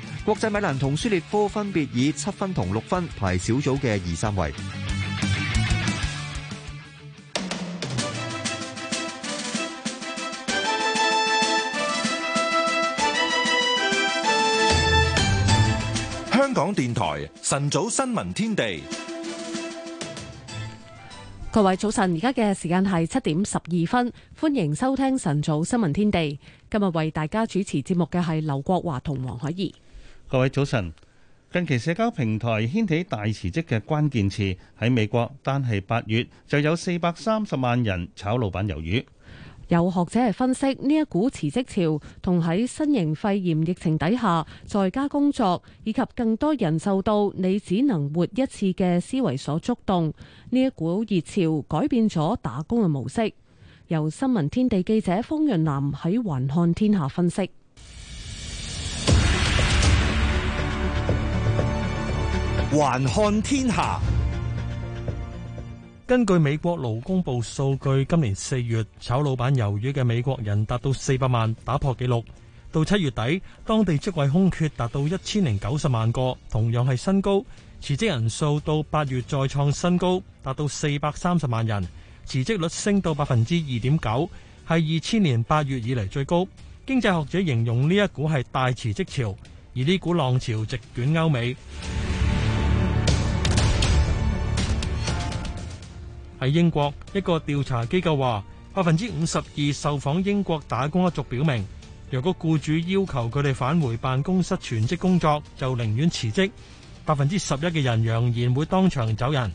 [SPEAKER 11] 國際米蘭同舒列科分別以七分同六分排小組嘅二三位。
[SPEAKER 1] 香港電台晨早新聞天地，
[SPEAKER 3] 各位早晨，而家嘅時間係七點十二分，歡迎收聽晨早新聞天地。今日為大家主持節目嘅係劉國華同黃海怡。
[SPEAKER 4] 各位早晨，近期社交平台掀起大辭職嘅關鍵詞，喺美國單是，單係八月就有四百三十萬人炒老闆魷魚。
[SPEAKER 3] 有學者係分析呢一股辭職潮，同喺新型肺炎疫情底下在家工作，以及更多人受到你只能活一次嘅思維所觸動，呢一股熱潮改變咗打工嘅模式。由新聞天地記者方潤南喺環看天下分析。
[SPEAKER 1] 還看天下，根據美國勞工部數據，今年四月炒老闆魷魚嘅美國人達到四百萬，打破紀錄。到七月底，當地職位空缺達到一千零九十萬個，同樣係新高。辭職人數到八月再創新高，達到四百三十萬人，辭職率升到百分之二點九，係二千年八月以嚟最高。經濟學者形容呢一股係大辭職潮，而呢股浪潮席捲歐美。喺英國一個調查機構話，百分之五十二受訪英國打工一族表明，若果僱主要求佢哋返回辦公室全職工作，就寧願辭職。百分之十一嘅人揚言會當場走人。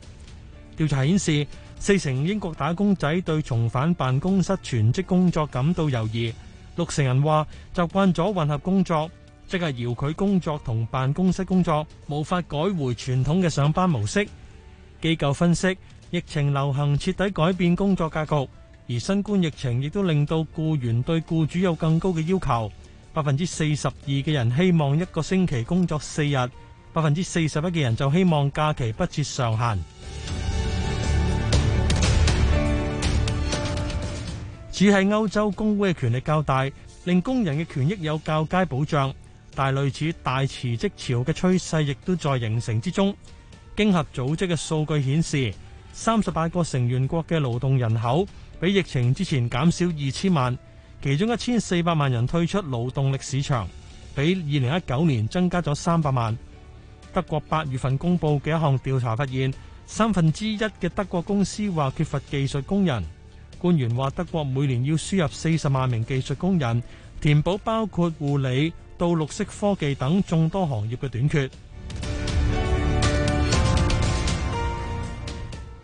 [SPEAKER 1] 調查顯示，四成英國打工仔對重返辦公室全職工作感到猶豫。六成人話習慣咗混合工作，即係遙距工作同辦公室工作，無法改回傳統嘅上班模式。機構分析。疫情流行徹底改變工作格局，而新冠疫情亦都令到僱員對僱主有更高嘅要求。百分之四十二嘅人希望一個星期工作四日，百分之四十一嘅人就希望假期不設上限。只係歐洲工會嘅權力較大，令工人嘅權益有較佳保障，但係類似大辭職潮嘅趨勢亦都在形成之中。經合組織嘅數據顯示，三十八個成員國嘅勞動人口比疫情之前減少二千萬，其中一千四百萬人退出勞動力市場，比二零一九年增加咗三百萬。德國八月份公布嘅一項調查發現，三分之一嘅德國公司話缺乏技術工人。官員話德國每年要輸入四十萬名技術工人，填補包括護理、到綠色科技等眾多行業嘅短缺。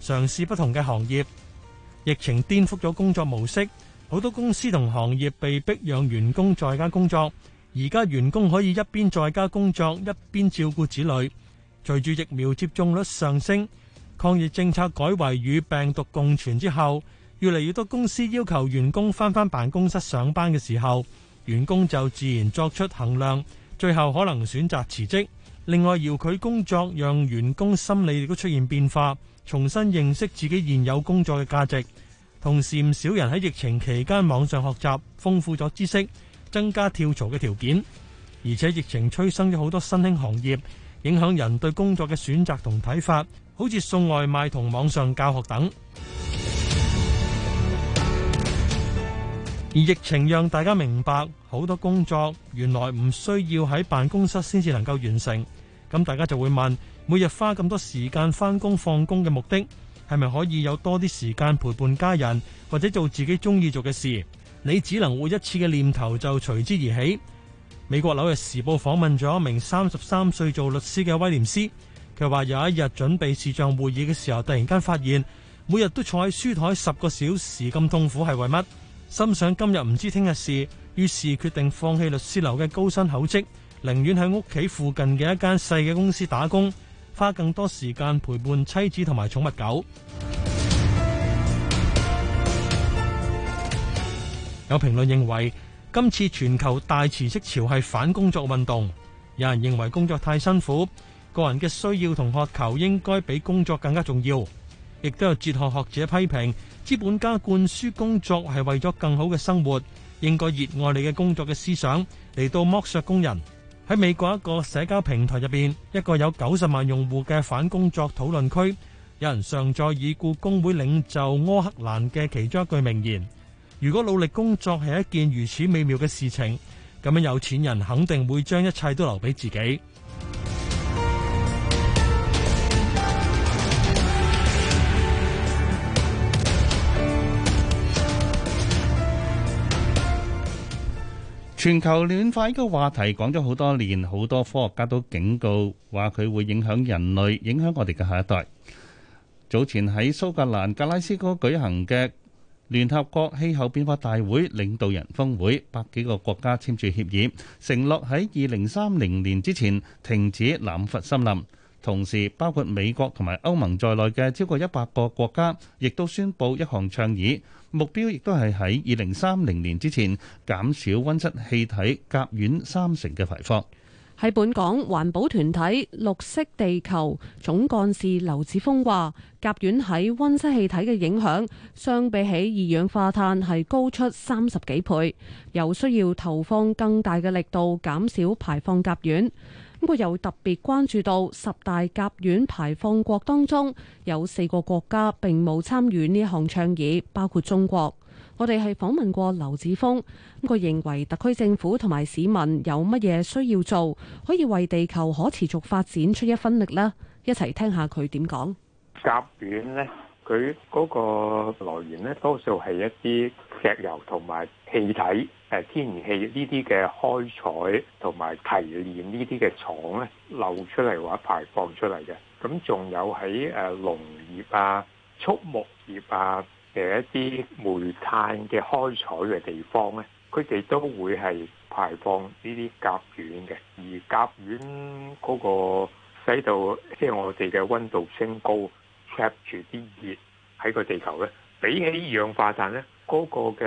[SPEAKER 1] 嘗試不同嘅行業，疫情顛覆咗工作模式，好多公司同行業被迫讓員工在家工作。而家員工可以一邊在家工作一邊照顧子女。隨住疫苗接種率上升，抗疫政策改為與病毒共存之後，越嚟越多公司要求員工返返辦公室上班嘅時候，員工就自然作出衡量，最後可能選擇辭職。另外，遙距工作讓員工心理亦都出現變化。重新認識自己現有工作嘅價值，同時唔少人喺疫情期間網上學習，豐富咗知識，增加跳槽嘅條件。而且疫情催生咗好多新興行業，影響人對工作嘅選擇同睇法，好似送外賣同網上教學等。而疫情讓大家明白，好多工作原來唔需要喺辦公室先至能夠完成，咁大家就會問：每日花咁多時間翻工放工嘅目的係咪可以有多啲時間陪伴家人或者做自己中意做嘅事？你只能活一次嘅念頭就隨之而起。美國《紐約時報》訪問咗一名三十三歲做律師嘅威廉斯，佢話有一日準備視像會議嘅時候，突然間發現每日都坐喺書台十個小時咁痛苦係為乜？心想今日唔知聽日事，於是決定放棄律師樓嘅高薪厚職，寧願喺屋企附近嘅一間細嘅公司打工。花更多時間陪伴妻，妻子同埋寵物狗。有評論認為今次全球大辭職潮係反工作運動。有人認為工作太辛苦，個人嘅需要同渴求應該比工作更加重要。亦都有哲學學者批評資本家灌輸工作係為咗更好嘅生活，應該熱愛你嘅工作嘅思想嚟到剝削工人。喺美國一個社交平台入面，一個有九十萬用戶嘅反工作討論區，有人上載已故工會領袖柯克蘭嘅其中一句名言：如果努力工作係一件如此美妙嘅事情，咁樣有錢人肯定會將一切都留俾自己。
[SPEAKER 4] 全球暖化呢個話題講咗好多年，好多科學家都警告話佢會影響人類，影響我哋嘅下一代。早前喺蘇格蘭格拉斯哥舉行嘅聯合國氣候變化大會領導人峰會，百幾個國家簽署協議，承諾喺二零三零年之前停止濫伐森林。同時，包括美國同埋歐盟在內嘅超過一百個國家，亦都宣布一項倡議。目標亦都係喺二零三零年之前減少溫室氣體甲烷三成嘅排放。
[SPEAKER 3] 喺本港環保團體綠色地球總幹事劉志峰話：甲烷喺溫室氣體嘅影響，相比起二氧化碳係高出三十幾倍，又需要投放更大嘅力度減少排放甲烷。咁佢又特別關注到十大甲烷排放國當中有四個國家並冇參與呢項倡議，包括中國。我哋係訪問過劉子峰，咁佢認為特區政府同埋市民有乜嘢需要做，可以為地球可持續發展出一分力呢？一齊聽下佢點講。
[SPEAKER 12] 甲烷呢，佢嗰個來源呢，多數係一啲石油同埋氣體。誒，天然氣呢啲嘅開採同埋提煉呢啲嘅廠咧，漏出嚟或者排放出嚟嘅，咁仲有喺誒農業啊、畜牧業啊有一啲煤炭嘅開採嘅地方咧，佢哋都會係排放呢啲甲烷嘅，而甲烷嗰個使到即係我哋嘅溫度升高，trap 住啲熱喺個地球咧，比起二氧化碳咧，嗰、嗰個嘅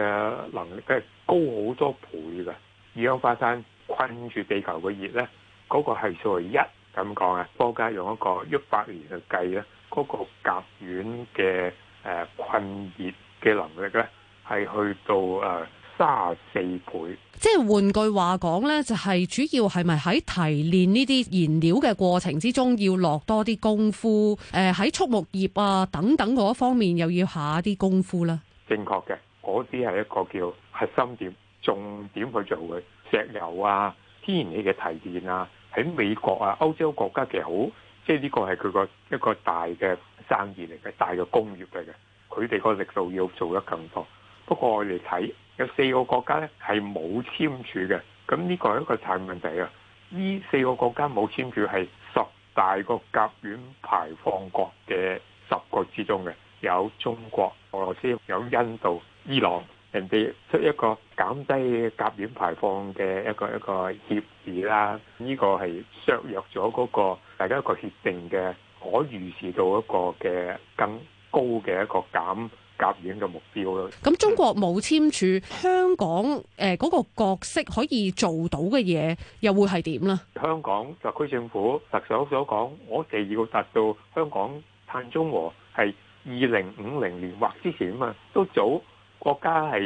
[SPEAKER 12] 能力咧。高好多倍噶，二氧化碳困住地球嘅熱呢，嗰、那個係所謂一咁講啊。科學家用一個一百年嚟計呢，嗰、那個甲烷嘅誒困熱嘅能力呢，係去到誒三十四倍。
[SPEAKER 3] 即係換句話講呢，就係、是、主要係咪喺提煉呢啲燃料嘅過程之中要落多啲功夫？誒、呃，喺畜牧業啊等等嗰方面又要下啲功夫啦。
[SPEAKER 12] 正確嘅。嗰啲係一個叫核心點、重點去做嘅石油啊、天然氣嘅提煉啊，喺美國啊、歐洲國家其實好，即係呢個係佢個一個大嘅生意嚟嘅、大嘅工業嚟嘅，佢哋個力度要做得更多。不過我哋睇有四個國家呢係冇簽署嘅，咁呢個係一個大問題啊！呢四個國家冇簽署係十大個甲烷排放國嘅十個之中嘅，有中國、俄羅斯、有印度。伊朗人哋出一個減低甲烷排放嘅一個一個協議啦，呢個係削弱咗嗰個大家一個協定嘅，可預示到一個嘅更高嘅一個減甲烷嘅目標咯。
[SPEAKER 3] 咁中國冇簽署，香港誒嗰個角色可以做到嘅嘢，又會係點咧？
[SPEAKER 12] 香港特區政府特首所講，我哋要達到香港碳中和係二零五零年或之前啊嘛，都早。國家係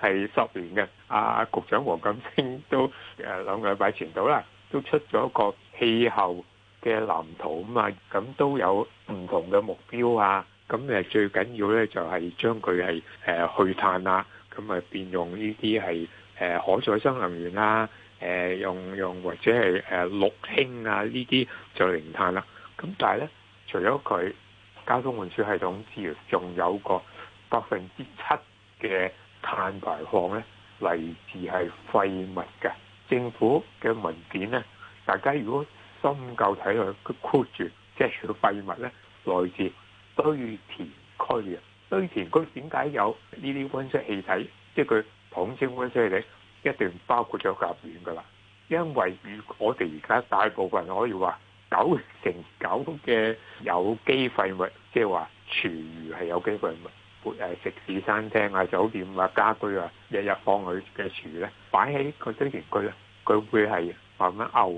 [SPEAKER 12] 十年嘅，阿、啊、局長黃錦星都誒、啊、兩個禮拜前到啦，都出咗個氣候嘅藍圖嘛。啊，咁都有唔同嘅目標啊，咁、啊、誒、啊、最緊要咧就係、是、將佢係、啊、去碳啊，咁啊變用呢啲係誒可再生能源啦，用用或者係誒綠氫啊呢啲就零碳啦。咁但係咧，除咗佢交通運輸系統之餘，仲有個百分之七嘅碳排放咧嚟自係廢物嘅，政府嘅文件咧，大家如果深究睇佢，佢括住即係佢廢物咧來自堆填區啊，堆填區點解有呢啲温室氣體？即係佢統稱温室氣體，一定包括咗甲烷㗎啦。因為我哋而家大部分人可以話九成九嘅有機廢物，即係話廚餘係有機廢物。誒食肆、餐廳啊、酒店啊、家居啊，日日放佢嘅廚咧，擺喺個堆填區咧，佢會係慢慢漚，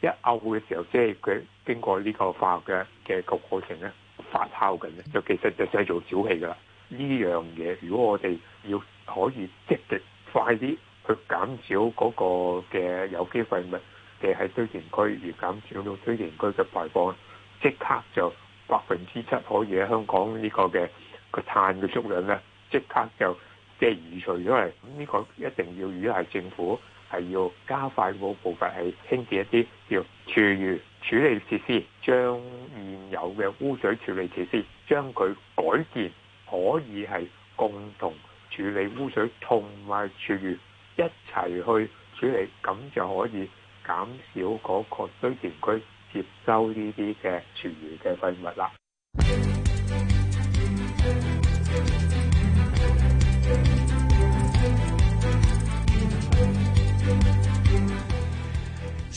[SPEAKER 12] 一漚嘅時候，即係佢經過呢個化學嘅嘅個過程咧，發酵緊，就其實就製造沼氣㗎啦。呢樣嘢，如果我哋要可以積極快啲去減少嗰個嘅有機廢物嘅喺堆填區，而減少到堆填區嘅排放，即刻就百分之七可以喺香港呢個嘅。個碳嘅足量咧，即刻就即係移除咗嚟。咁呢個一定要如果係政府係要加快個步伐，係興建一啲叫廚餘處理設施，將現有嘅污水處理設施將佢改建，可以係共同處理污水同埋廚餘一齊去處理，咁就可以減少嗰個堆填區接收呢啲嘅廚餘嘅廢物啦。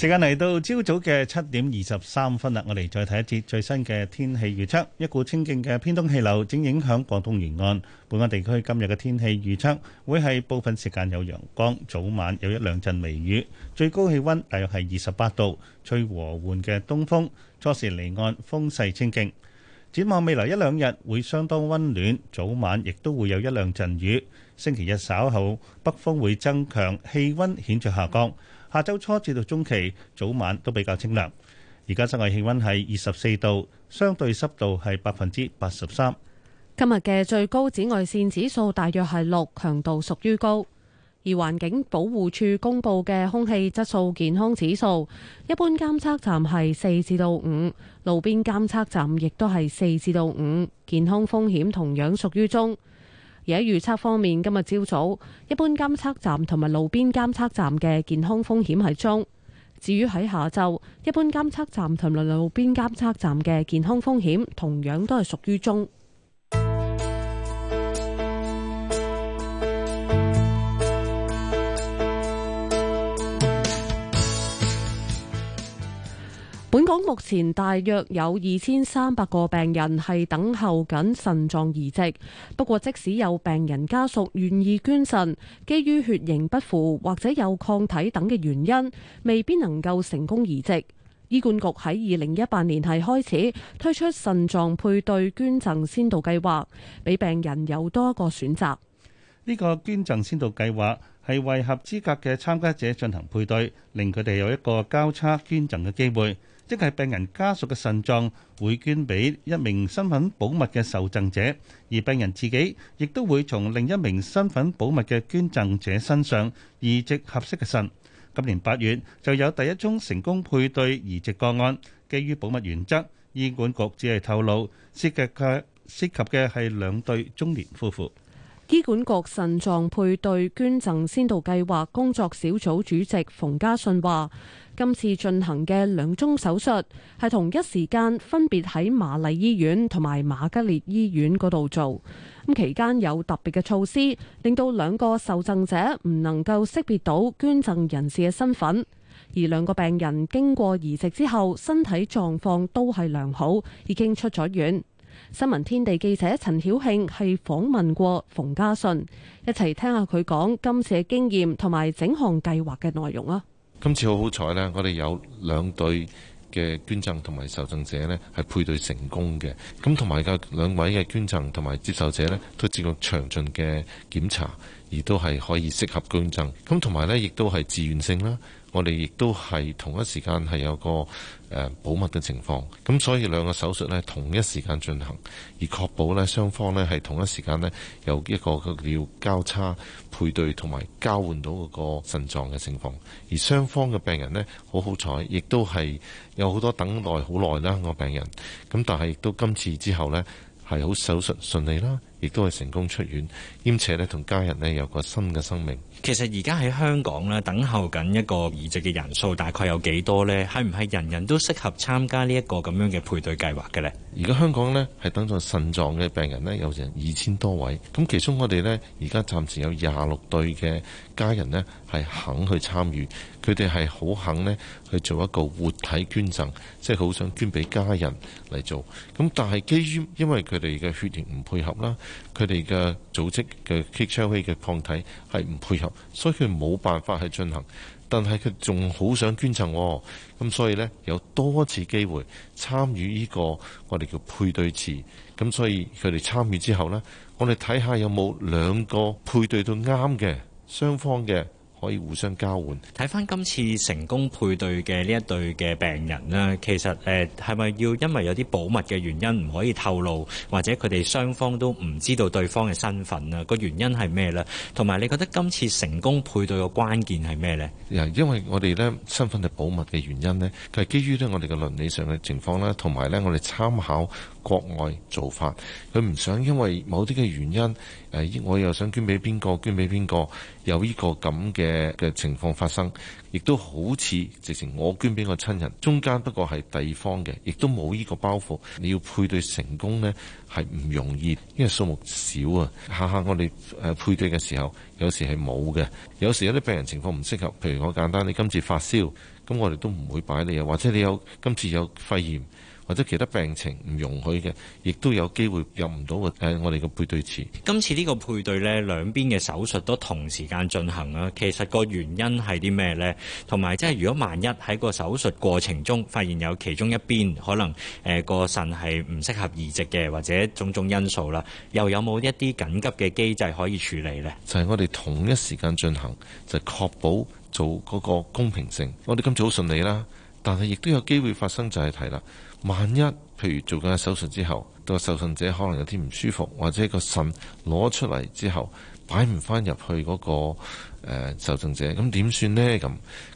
[SPEAKER 4] 時間嚟到朝早嘅七點二十三分啦，我哋再睇一節最新嘅天氣預測。一股清勁嘅偏東氣流正影響廣東沿岸，本港地區今日嘅天氣預測會係部分時間有陽光，早晚有一兩陣微雨，最高氣溫大約係二十八度，吹和緩嘅東風，初時離岸風勢清勁。展望未來一兩日會相當溫暖，早晚亦都會有一兩陣雨。星期一稍後北風會增強，氣温顯著下降。下週初至到中期早晚都比較清涼。而家室外氣溫係二十四度，相對濕度係百分之八十三。
[SPEAKER 3] 今日嘅最高紫外線指數大約係六，強度屬於高。而環境保護處公布嘅空氣質素健康指數，一般監測站係四至到五，路邊監測站亦都係四至到五，健康風險同樣屬於中。而喺預測方面，今日朝早一般監測站同埋路邊監測站嘅健康風險係中。至於喺下晝，一般監測站同埋路邊監測站嘅健康風險同樣都係屬於中。本港目前大約有二千三百個病人係等候緊腎臟移植，不過即使有病人家屬願意捐腎，基於血型不符或者有抗體等嘅原因，未必能夠成功移植。醫管局喺二零一八年係開始推出腎臟配對捐贈先導計劃，俾病人有多個選擇。
[SPEAKER 4] 呢個捐贈先導計劃係為合資格嘅參加者進行配對，令佢哋有一個交叉捐贈嘅機會。即係病人家屬嘅腎臟會捐俾一名身份保密嘅受贈者，而病人自己亦都會從另一名身份保密嘅捐贈者身上移植合適嘅腎。今年八月就有第一宗成功配對移植個案，基於保密原則，醫管局只係透露涉及嘅涉及嘅係兩對中年夫婦。醫
[SPEAKER 3] 管局腎臟配對捐贈先導計劃工作小組主席馮家信話。今次進行嘅兩宗手術係同一時間分別喺瑪麗醫院同埋瑪嘉烈醫院嗰度做，咁期間有特別嘅措施，令到兩個受贈者唔能夠識別到捐贈人士嘅身份。而兩個病人經過移植之後，身體狀況都係良好，已經出咗院。新聞天地記者陳曉慶係訪問過馮家信，一齊聽下佢講今次嘅經驗同埋整項計劃嘅內容啊！
[SPEAKER 13] 今次好好彩呢，我哋有兩對嘅捐贈同埋受贈者呢，係配對成功嘅。咁同埋嘅兩位嘅捐贈同埋接受者呢都經過詳盡嘅檢查，而都係可以適合捐贈。咁同埋呢亦都係自願性啦。我哋亦都係同一時間係有個誒保密嘅情況，咁所以兩個手術呢同一時間進行，而確保呢雙方呢係同一時間呢有一個叫交叉配對同埋交換到嗰個腎臟嘅情況，而雙方嘅病人呢，好好彩，亦都係有好多等待好耐啦個病人，咁但係亦都今次之後呢，係好手術順利啦。亦都係成功出院，兼且呢同家人呢有個新嘅生命。
[SPEAKER 7] 其實而家喺香港呢，等候緊一個移植嘅人數大概有幾多呢？係唔係人人都適合參加呢一個咁樣嘅配對計劃嘅
[SPEAKER 13] 呢？而家香港呢，係等咗腎臟嘅病人呢，有成二千多位，咁其中我哋呢，而家暫時有廿六對嘅家人呢，係肯去參與，佢哋係好肯呢去做一個活體捐贈，即係好想捐俾家人嚟做。咁但係基於因為佢哋嘅血型唔配合啦。佢哋嘅組織嘅血小體嘅抗體係唔配合，所以佢冇辦法去進行。但係佢仲好想捐贈喎，咁所以呢有多次機會參與呢個我哋叫配對字。咁所以佢哋參與之後呢，我哋睇下有冇兩個配對到啱嘅雙方嘅。可以互相交換。睇翻，今次
[SPEAKER 7] 成功配對嘅呢一對嘅病人呢，其實誒係咪要因為有啲保密嘅原因唔可以透露，或者佢哋雙方都唔知道對方嘅身份啊？個原因係咩呢？同埋，你覺得今次
[SPEAKER 13] 成功配對嘅關鍵係咩呢？因為我哋呢身份係保密嘅原因呢，係基於呢我哋嘅倫理上嘅情況啦，同埋呢我哋參考國外做法，佢唔想因為某啲嘅原因，誒，我又想捐俾邊個，捐俾邊個，有呢個咁嘅嘅情況發生，亦都好似直情我捐俾個親人，中間不過係地方嘅，亦都冇呢個包袱。你要配對成功呢，係唔容易，因為數目少啊，下下我哋誒配對嘅時候，有時係冇嘅，有時有啲病人情況唔適合，譬如我簡單，你今次發燒，咁我哋都唔會擺你啊，或者你有今次有肺炎。或者其他病情唔容許嘅，亦都有機會入唔到個我哋嘅配對池。
[SPEAKER 7] 今次呢個配對呢，兩邊嘅手術都同時間進行啊。其實個原因係啲咩呢？同埋即係如果萬一喺個手術過程中發現有其中一邊可能誒個、呃、腎係唔適合移植嘅，或者種種因素啦，又有冇一啲緊急嘅機制可以
[SPEAKER 13] 處理呢？就係我哋同一時間進行，就係、確保做嗰個公平性。我哋今早好順利啦，但係亦都有機會發生就係，就係提啦。萬一譬如做緊手術之後，個受贈者可能有啲唔舒服，或者個腎攞出嚟之後擺唔翻入去嗰個、呃、受贈者，咁點算呢？咁、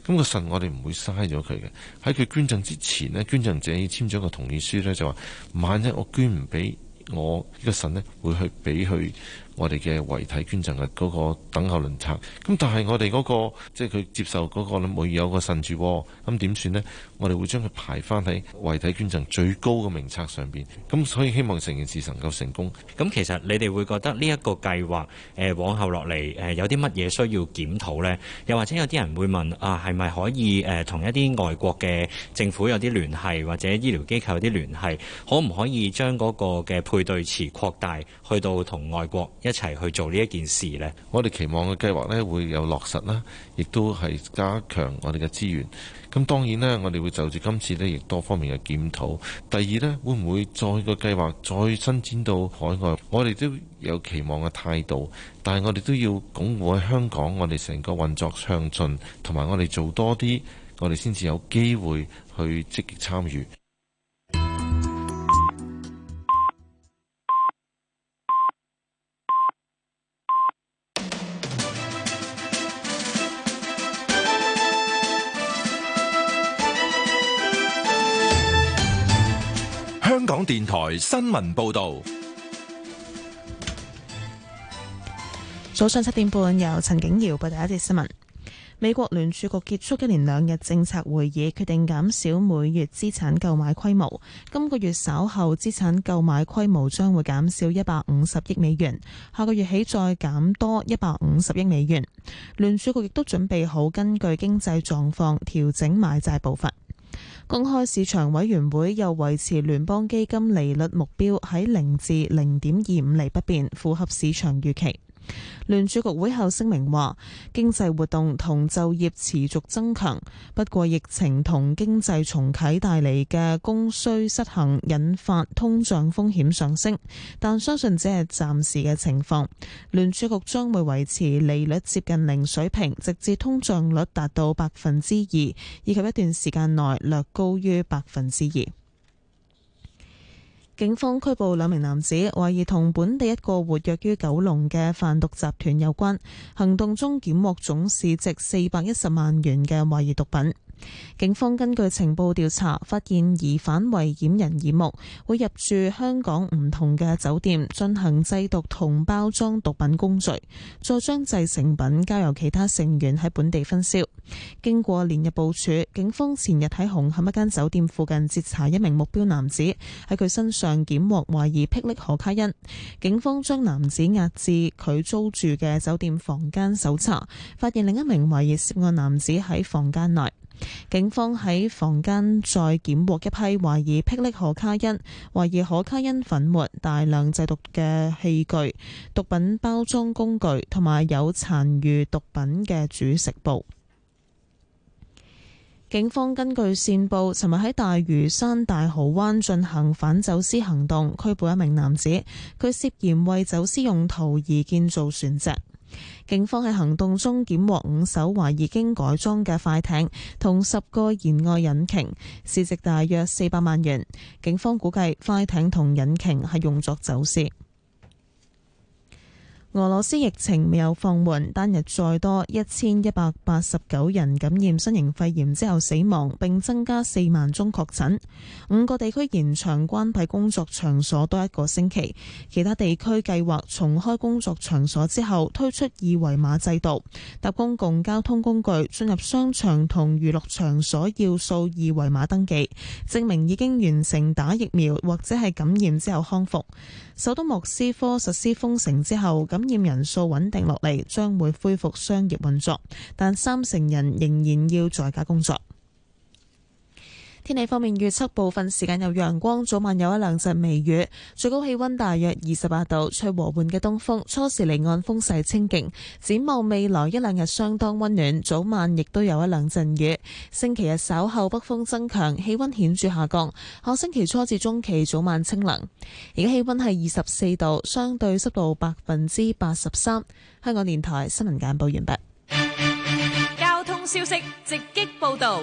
[SPEAKER 13] 那、咁個腎我哋唔會嘥咗佢嘅。喺佢捐贈之前呢，捐贈者要簽咗個同意書呢，就話萬一我捐唔俾，我、這、呢個腎呢會去俾佢。我哋嘅遺體捐贈嘅嗰個等候輪策，咁但係我哋嗰個即係佢接受嗰個冇有一個腎柱，咁點算呢？我哋會將佢排返喺遺體捐贈最高嘅名冊上邊。咁所以希望成件事能夠成功。咁其實你哋會覺得呢一個計劃，
[SPEAKER 7] 誒往後落嚟，誒有啲乜嘢需要檢討呢？又或者有啲人會問啊，係咪可以誒同一啲外國嘅政府有啲聯繫，或者醫療機構有啲聯繫，可唔可以將嗰個嘅配對池擴大去到同外國？一齊去做呢一件
[SPEAKER 13] 事呢，我哋期望嘅計劃呢會有落實啦，亦都係加強我哋嘅資源。咁當然呢，我哋會就住今次呢亦多方面嘅檢討。第二呢，會唔會再個計劃再伸展到海外？我哋都有期望嘅態度，但係我哋都要鞏固喺香港，我哋成個運作暢順同埋我哋做多啲，我哋先至有機會去積極參與。
[SPEAKER 12] 香港
[SPEAKER 1] 電台新聞報道，
[SPEAKER 9] 早上七點半，由陳景堯報第一節新聞。美國聯儲局結束一連兩日政策會議，決定減少每月資產購買規模。今個月稍後資產購買規模將會減少一百五十億美元，下個月起再減多一百五十億美元。聯儲局亦都準備好根據經濟狀況調整買債步伐。公開市場委員會又維持聯邦基金利率目標喺零至零點二五釐不變，符合市場預期。聯儲局會後聲明話，經濟活動同就業持續增強，不過疫情同經濟重啟帶嚟嘅供需失衡，引發通脹風險上升。但相信只係暫時嘅情況，聯儲局將會維持利率接近零水平，直至通脹率達到百分之二，以及一段時間內略高於百分之二。警方拘捕兩名男子，懷疑同本地一個活躍於九龍嘅販毒集團有關，行動中，檢獲總市值四百一十萬元嘅懷疑毒品。警方根據情報調查，發現疑犯為掩人耳目，會入住香港唔同嘅酒店進行製毒同包裝毒品工序，再將製成品交由其他成員喺本地分銷。經過連日部署，警方前日喺紅磡一間酒店附近截查一名目標男子，喺佢身上檢獲懷疑霹靂可卡因。警方將男子押至佢租住嘅酒店房間搜查，發現另一名懷疑涉案男子喺房間內。警方喺房間再檢獲一批懷疑霹靂可卡因、懷疑可卡因粉末、大量製毒嘅器具、毒品包裝工具同埋有殘餘毒品嘅主食部。警方根據線報，尋日喺大嶼山大蠔灣進行反走私行動，拘捕一名男子，佢涉嫌為走私用途而建造船隻。警方喺行動中檢獲五艘懷疑已經改裝嘅快艇同十個舷外引擎，市值大約四百萬元。警方估計快艇同引擎係用作走私。俄羅斯疫情未有放緩，單日再多一千一百八十九人感染新型肺炎之後死亡，並增加四萬宗確診。五個地區延長關閉工作場所多一個星期，其他地區計劃重開工作場所之後推出二維碼制度，搭公共交通工具、進入商場同娛樂場所要掃二維碼登記，證明已經完成打疫苗或者係感染之後康復。首都莫斯科實施封城之後咁。感染人數穩定落嚟，將會恢復商業運作，但三成人仍然要在家工作。天氣方面預測，部分時間有陽光，早晚有一兩陣微雨，最高氣溫大約二十八度，吹和緩嘅東風，初時離岸風勢清勁。展望未來一兩日相當溫暖，早晚亦都有一兩陣雨。星期日稍後北風增強，氣溫顯著下降。下星期初至中期早晚清涼。而家氣溫係二十四度，相對濕度百分之八十三。
[SPEAKER 10] 香港電台新聞簡報完畢。
[SPEAKER 11] 交通消息直擊報道。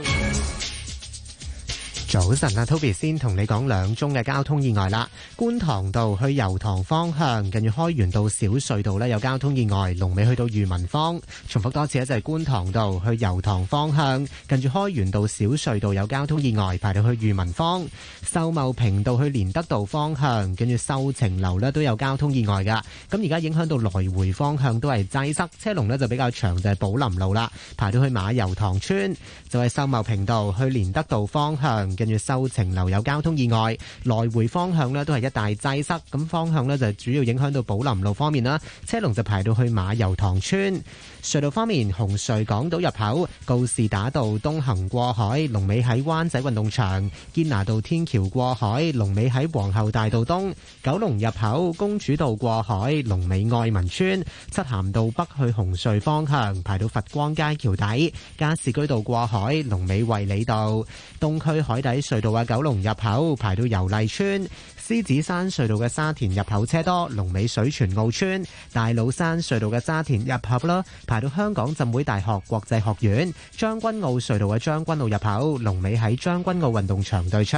[SPEAKER 10] 早晨啊，Toby 先同你講兩宗嘅交通意外啦。觀塘道去油塘方向，近住開源道小隧道呢，有交通意外，龍尾去到裕民坊。重複多次呢，就係、是、觀塘道去油塘方向，近住開源道小隧道有交通意外，排到去裕民坊。秀茂坪道去連德道方向，跟住秀晴樓呢，都有交通意外噶。咁而家影響到來回方向都係擠塞，車龍呢就比較長，就係、是、寶林路啦，排到去馬油塘村，就係、是、秀茂坪道去連德道方向。跟住收程留有交通意外，來回方向呢都係一大擠塞，咁方向呢就主要影響到寶林路方面啦，車龍就排到去馬油塘村。隧道方面，紅隧港島入口告士打道東行過海，龍尾喺灣仔運動場；堅拿道天橋過海，龍尾喺皇后大道東；九龍入口公主道過海，龍尾愛民村；漆咸道北去紅隧方向，排到佛光街橋底；加士居道過海，龍尾衛理道；東區海底隧道嘅九龍入口，排到油麗邨。獅子山隧道嘅沙田入口車多，龍尾水泉澳村；大老山隧道嘅沙田入口啦，排到香港浸會大學國際學院；將軍澳隧道嘅將軍澳入口，龍尾喺將軍澳運動場對出。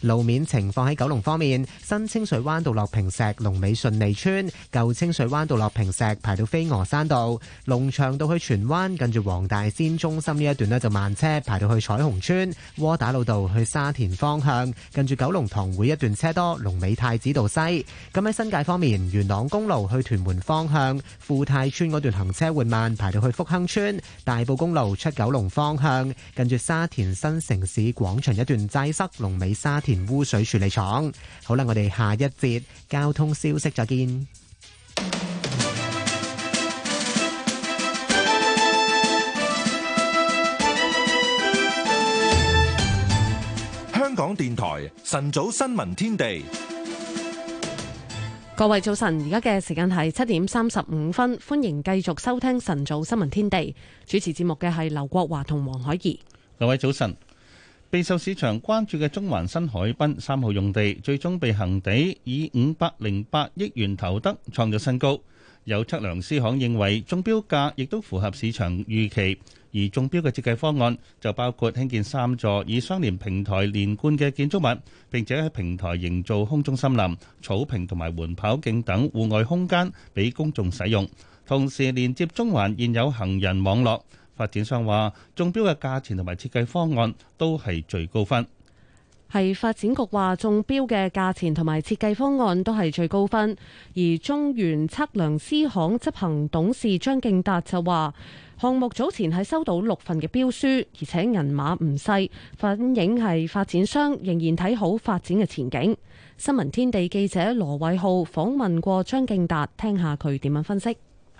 [SPEAKER 10] 路面情況喺九龍方面，新清水灣道落坪石，龍尾順利村；舊清水灣道落坪石，排到飛鵝山道；龍翔道去荃灣，近住黃大仙中心呢一段呢就慢車，排到去彩虹村；窩打老道去沙田方向，近住九龍塘會一段車多。龍尾太子道西，咁喺新界方面，元朗公路去屯門方向，富泰村嗰段行車緩慢，排到去福亨村；大埔公路出九龍方向，近住沙田新城市廣場一段擠塞，龍尾沙田污水處理廠。好啦，我哋下一節交通消息再見。
[SPEAKER 1] 港電台晨早新聞天地，
[SPEAKER 3] 各位早晨，而家嘅時間係七點三十五分，歡迎繼續收聽晨早新聞天地。主持節目嘅係劉國華同黃海怡。
[SPEAKER 4] 各位早晨，備受市場關注嘅中環新海濱三號用地最終被恒地以五百零八億元投得，創咗新高。有測量師行認為中標價亦都符合市場預期。而中標嘅設計方案就包括興建三座以相連平台連貫嘅建築物，並且喺平台營造空中森林、草坪同埋緩跑徑等戶外空間俾公眾使用，同時連接中環現有行人網絡。發展商話中標嘅價錢同埋設計方案都係最高分。
[SPEAKER 3] 係發展局話中標嘅價錢同埋設計方案都係最高分，而中原測量師行執行董事張敬達就話。項目早前係收到六份嘅標書，而且人馬唔細，反映係發展商仍然睇好發展嘅前景。新聞天地記者羅偉浩訪問過張敬達，聽下佢點樣分析。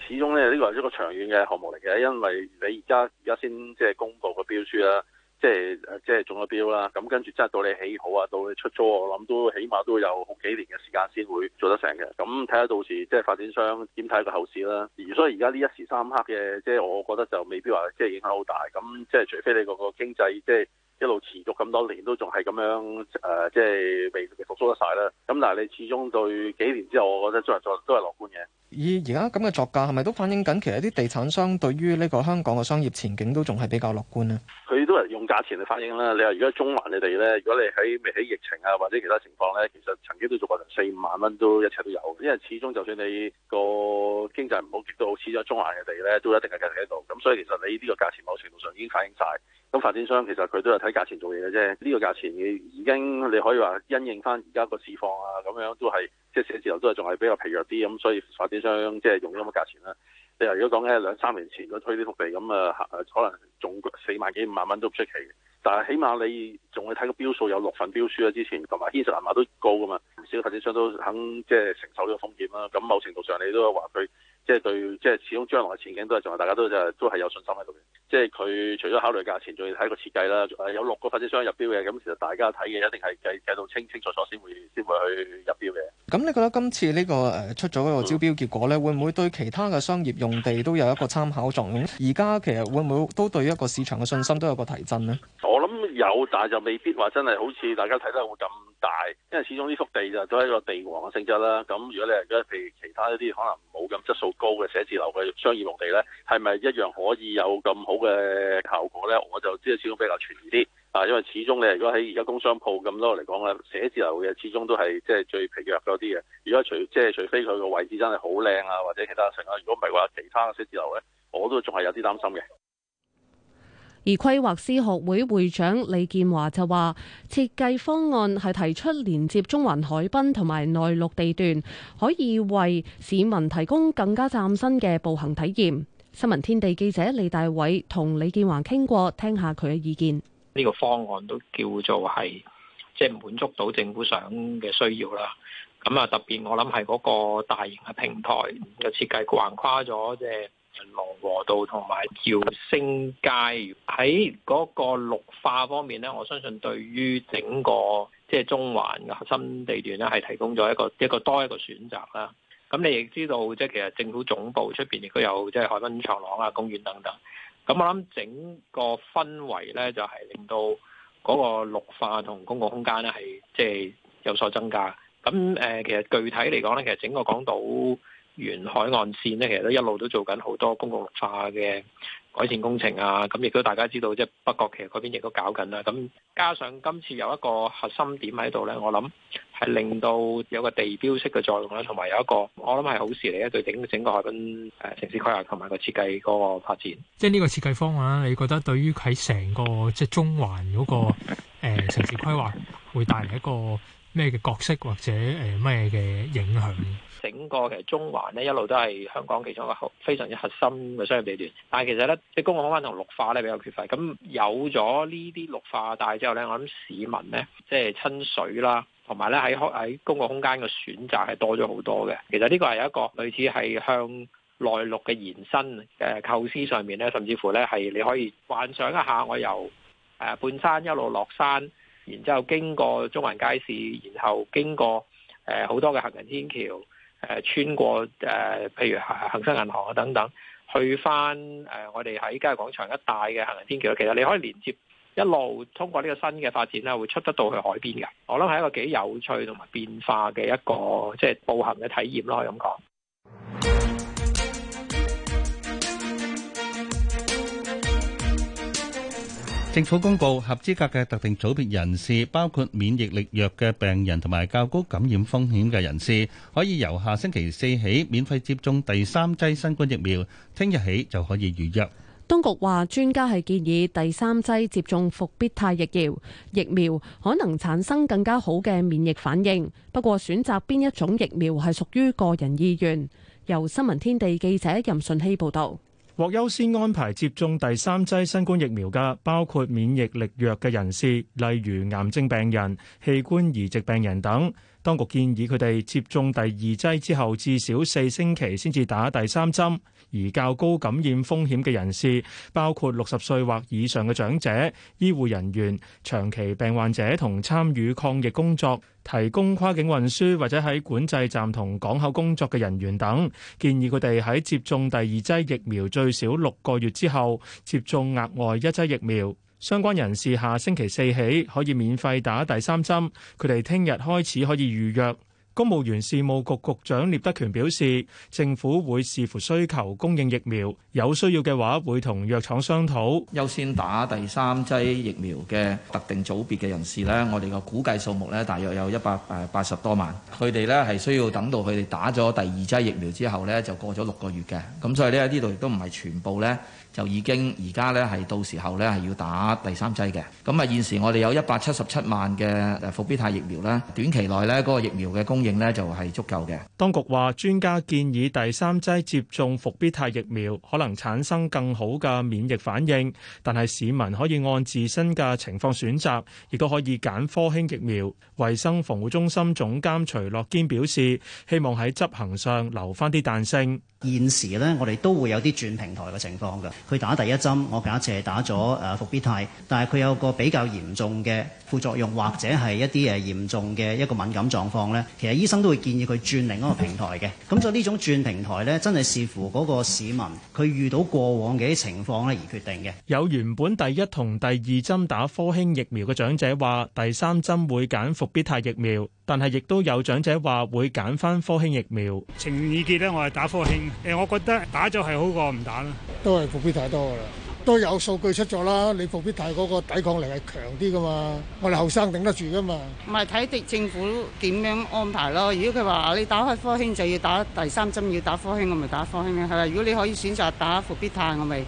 [SPEAKER 14] 始終呢呢個係一個長遠嘅項目嚟嘅，因為你而家而家先即係公布個標書啦、啊。即係即係中咗標啦，咁跟住真係到你起好啊，到你出租，我諗都起碼都有好幾年嘅時間先會做得成嘅。咁睇下到時即係發展商點睇個後市啦。而所以而家呢一時三刻嘅，即係我覺得就未必話即係影響好大。咁即係除非你個個經濟即係。一路持續咁多年都仲係咁樣誒、呃，即係未，未復甦得晒啦。咁但係你始終對幾年之後，我覺得中環作都係樂觀嘅。
[SPEAKER 6] 而而家咁嘅作價係咪都反映緊其實啲地產商對於呢個香港嘅商業前景都仲係比較樂觀呢？
[SPEAKER 14] 佢都係用價錢嚟反映啦。你話而家中環啲地咧，如果你喺未起疫情啊或者其他情況咧，其實曾經都做過成四五萬蚊都一切都有，因為始終就算你個經濟唔好，亦都好，似咗中環嘅地咧都一定係繼續喺度。咁所以其實你呢個價錢某程度上已經反映晒。咁發展商其實佢都係睇價錢做嘢嘅啫，呢個價錢已經你可以話因應翻而家個市況啊，咁樣都係即係寫字樓都係仲係比較疲弱啲咁，所以發展商即係用咗個價錢啦。你話如果講緊兩三年前佢推呢幅地咁啊，可能仲四萬幾五萬蚊都唔出奇，但係起碼你仲會睇個標數有六份標書啊，之前同埋牽涉銀碼都高噶嘛，唔少發展商都肯即係承受呢個風險啦。咁某程度上你都有話佢。即係對，即係始終將來嘅前景都係仲係大家都就係、是、都係有信心喺度嘅。即係佢除咗考慮價錢，仲要睇個設計啦。誒有六個發展商入標嘅，咁其實大家睇嘅一定係計計到清清楚楚先會先會去入標
[SPEAKER 6] 嘅。咁你覺得今次呢、這個誒、呃、出咗嗰個招標結果咧，嗯、會唔會對其他嘅商業用地都有一個參考作用？而家其實會唔會都對一個市場嘅信心都有一個提振
[SPEAKER 14] 呢？我諗有，但係就未必話真係好似大家睇得會咁。大，因為始終呢幅地就都係一個地王嘅性質啦。咁如果你係如果譬如其他一啲可能冇咁質素高嘅寫字樓嘅商業用地咧，係咪一樣可以有咁好嘅效果咧？我就知，始終比較全啲啊。因為始終你如果喺而家工商鋪咁多嚟講啊，寫字樓嘅始終都係即係最疲弱嗰啲嘅。如果除即係除非佢個位置真係好靚啊，或者其他城啊，如果唔係話其他嘅寫字樓咧，我都仲係有啲擔心嘅。
[SPEAKER 3] 而規劃師學會會長李建華就話，設計方案係提出連接中環海濱同埋內陸地段，可以為市民提供更加嶄新嘅步行體驗。新聞天地記者李大偉同李建華傾過，聽下佢嘅意見。
[SPEAKER 15] 呢個方案都叫做係，即係滿足到政府想嘅需要啦。咁啊，特別我諗係嗰個大型嘅平台嘅設計橫跨咗即係。龍和道同埋兆星街喺嗰個綠化方面咧，我相信對於整個即係中環嘅核心地段咧，係提供咗一個一個多一個選擇啦。咁你亦知道，即係其實政府總部出邊亦都有即係海濱長廊啊、公園等等。咁我諗整個氛圍咧，就係令到嗰個綠化同公共空間咧，係即係有所增加。咁誒，其實具體嚟講咧，其實整個港島，沿海岸線咧，其實都一路都做緊好多公共綠化嘅改善工程啊！咁亦都大家都知道，即係北角其實嗰邊亦都搞緊啦。咁加上今次有一個核心點喺度咧，我諗係令到有個地標式嘅作用咧，同埋有一個我諗係好事嚟嘅對整整個海濱誒城市規劃同埋個設計嗰個發展。
[SPEAKER 16] 即係呢個設計方案你覺得對於喺成個即係中環嗰、那個、呃、城市規劃會帶嚟一個？咩嘅角色或者
[SPEAKER 13] 誒咩嘅影
[SPEAKER 15] 響？整個其實中環咧一路都係香港其中一個非常之核心嘅商業地段，但係其實咧即係公共空間同綠化咧比較缺乏。咁有咗呢啲綠化帶之後咧，我諗市民咧即係親水啦，同埋咧喺喺公共空間嘅選擇係多咗好多嘅。其實呢個係一個類似係向內陸嘅延伸嘅構思上面咧，甚至乎咧係你可以幻想一下，我由誒半山一路落山。然之後經過中環街市，然後經過誒好、呃、多嘅行人天橋，誒、呃、穿過誒、呃、譬如恒生銀行啊等等，去翻誒、呃、我哋喺交易廣場一帶嘅行人天橋，其實你可以連接一路通過呢個新嘅發展啦，會出得到去海邊嘅。我諗係一個幾有趣同埋變化嘅一個即係、就是、步行嘅體驗咯，可以咁講。
[SPEAKER 4] 政府公布合資格嘅特定組別人士，包括免疫力弱嘅病人同埋較高感染風險嘅人士，可以由下星期四起免費接種第三劑新冠疫苗。聽日起就可以預約。
[SPEAKER 3] 當局話，專家係建議第三劑接種復必泰疫苗，疫苗可能產生更加好嘅免疫反應，不過選擇邊一種疫苗係屬於個人意願，由新聞天地記者任順希報道。
[SPEAKER 16] 獲優先安排接種第三劑新冠疫苗嘅，包括免疫力弱嘅人士，例如癌症病人、器官移植病人等。當局建議佢哋接種第二劑之後，至少四星期先至打第三針。而較高感染風險嘅人士，包括六十歲或以上嘅長者、醫護人員、長期病患者同參與抗疫工作、提供跨境運輸或者喺管制站同港口工作嘅人員等，建議佢哋喺接種第二劑疫苗最少六個月之後，接種額外一劑疫苗。相關人士下星期四起可以免費打第三針，佢哋聽日開始可以預約。公務員事務局局長聶德權表示，政府會視乎需求供應疫苗，有需要嘅話會同藥廠商討。優先打第三劑疫苗嘅特定組別嘅人士呢，我哋嘅估計數目呢，大約有一百誒八十多萬，佢哋呢係需要等到佢哋打咗第二劑疫苗之後呢，就過咗六個月嘅，咁所以呢，呢度亦都唔係全部呢。就已經而家咧係到時候咧係要打第三劑嘅，咁啊現時我哋有一百七十七萬嘅復必泰疫苗啦，短期內咧嗰個疫苗嘅供應咧就係足夠嘅。當局話專家建議第三劑接種復必泰疫苗可能產生更好嘅免疫反應，但係市民可以按自身嘅情況選擇，亦都可以揀科興疫苗。衞生防護中心總監徐樂堅表示，希望喺執行上留翻啲彈性。現時咧，我哋都會
[SPEAKER 10] 有啲轉平台嘅情況㗎。佢打第一針，我假設係打咗誒復必泰，但係佢有個比較嚴重嘅副作用，或者係一啲誒嚴重嘅一個敏感狀況咧，其實醫生都會建議佢轉另一個平台嘅。咁就呢種轉平台咧，真係視乎嗰個市
[SPEAKER 16] 民佢遇到過往嘅啲情況咧而決定嘅。有原本第一同第二針打科興疫苗嘅長者話，第三針會揀復必泰疫苗，但係亦都有長者話會揀翻科興疫苗。情意結呢，我係打科興。誒，我覺得打咗係好過唔打啦，都係復必泰多啦，都有數據出咗啦。你復必泰嗰個抵抗力係強啲噶嘛，我哋後生頂得住噶嘛。
[SPEAKER 10] 唔係睇啲政府點樣安排咯。如果佢話你打開科興就要打第三針，要打科興我咪打科興咯，係咪？如果你可以選擇打復必泰，我咪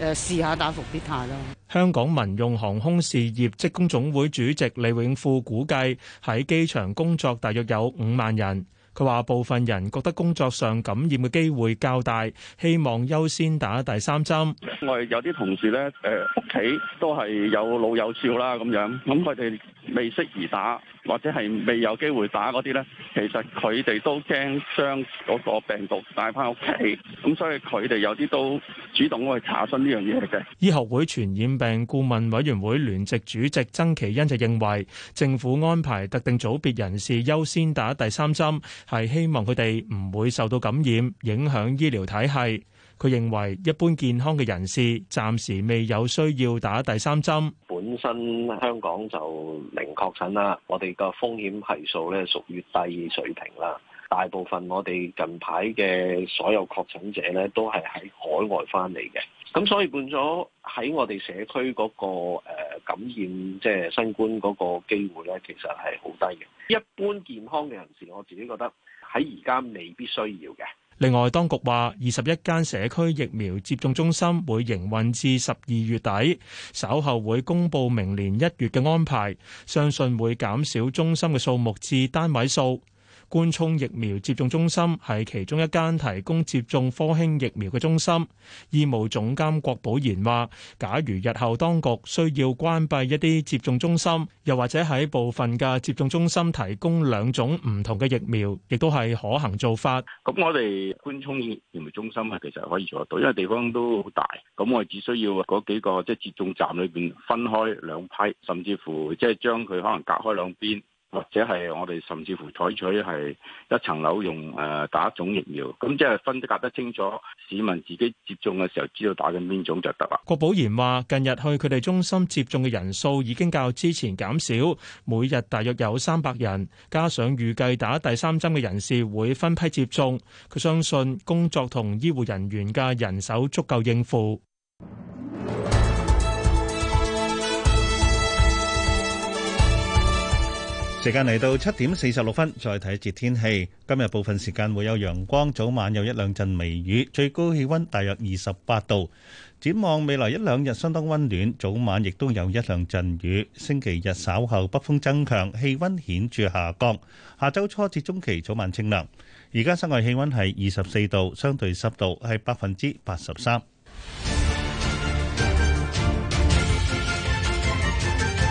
[SPEAKER 10] 誒試下打復必泰咯。
[SPEAKER 16] 香港民用航空事業職工總會主席李永富估計喺機場工作大約有五萬人。佢話：部分人覺得工作上感染嘅機會較大，希望優先打第三針。
[SPEAKER 6] 我哋有啲同事咧，誒屋企都係有老有少啦咁樣，咁佢哋未適宜打，或者係未有機會打嗰啲咧，其實佢哋都驚將嗰個病毒帶翻屋企，咁所以佢哋有啲都主動去查詢呢樣嘢嘅。
[SPEAKER 16] 醫學會傳染病顧問委員會聯席主席曾其恩就認為，政府安排特定組別人士優先打第三針。係希望佢哋唔會受到感染，影響醫療體系。佢認為一般健康嘅人士暫時未有需要打第三針。
[SPEAKER 15] 本身香港就零確診啦，我哋個風險係數咧屬於低水平啦。大部分我哋近排嘅所有確診者咧都係喺海外返嚟嘅。咁所以變咗喺我哋社區嗰個誒感染即係、就是、新冠嗰個機會咧，其實係好低嘅。一般健康嘅人士，我自己覺得喺而家未必需要嘅。
[SPEAKER 16] 另外，當局話二十一間社區疫苗接種中心會營運至十二月底，稍後會公布明年一月嘅安排，相信會減少中心嘅數目至單位數。官涌疫苗接種中心係其中一間提供接種科興疫苗嘅中心。醫務總監郭寶賢話，假如日後當局需要關閉一啲接種中心，又或者喺部分嘅接種中心提供兩種唔同嘅疫苗，亦都係可行做法。
[SPEAKER 5] 咁我哋官涌疫苗中心係其實可以做得到，因為地方都好大。咁我哋只需要嗰幾個即係接種站裏邊分開兩批，甚至乎即係將佢可能隔開兩邊。或者係我哋甚至乎採取係一層樓用誒打一種疫苗，咁即係分隔得清楚，市民自己接種嘅時候知道打緊邊種就得啦。
[SPEAKER 16] 郭寶賢話，近日去佢哋中心接種嘅人數已經較之前減少，每日大約有三百人，加上預計打第三針嘅人士會分批接種，佢相信工作同醫護人員嘅人手足夠應付。
[SPEAKER 4] 時間嚟到七點四十六分，再睇一節天氣。今日部分時間會有陽光，早晚有一兩陣微雨，最高氣温大約二十八度。展望未來一兩日相當温暖，早晚亦都有一兩陣雨。星期日稍後北風增強，氣温顯著下降。下周初至中期早晚清涼。而家室外氣温係二十四度，相對濕度係百分之八十三。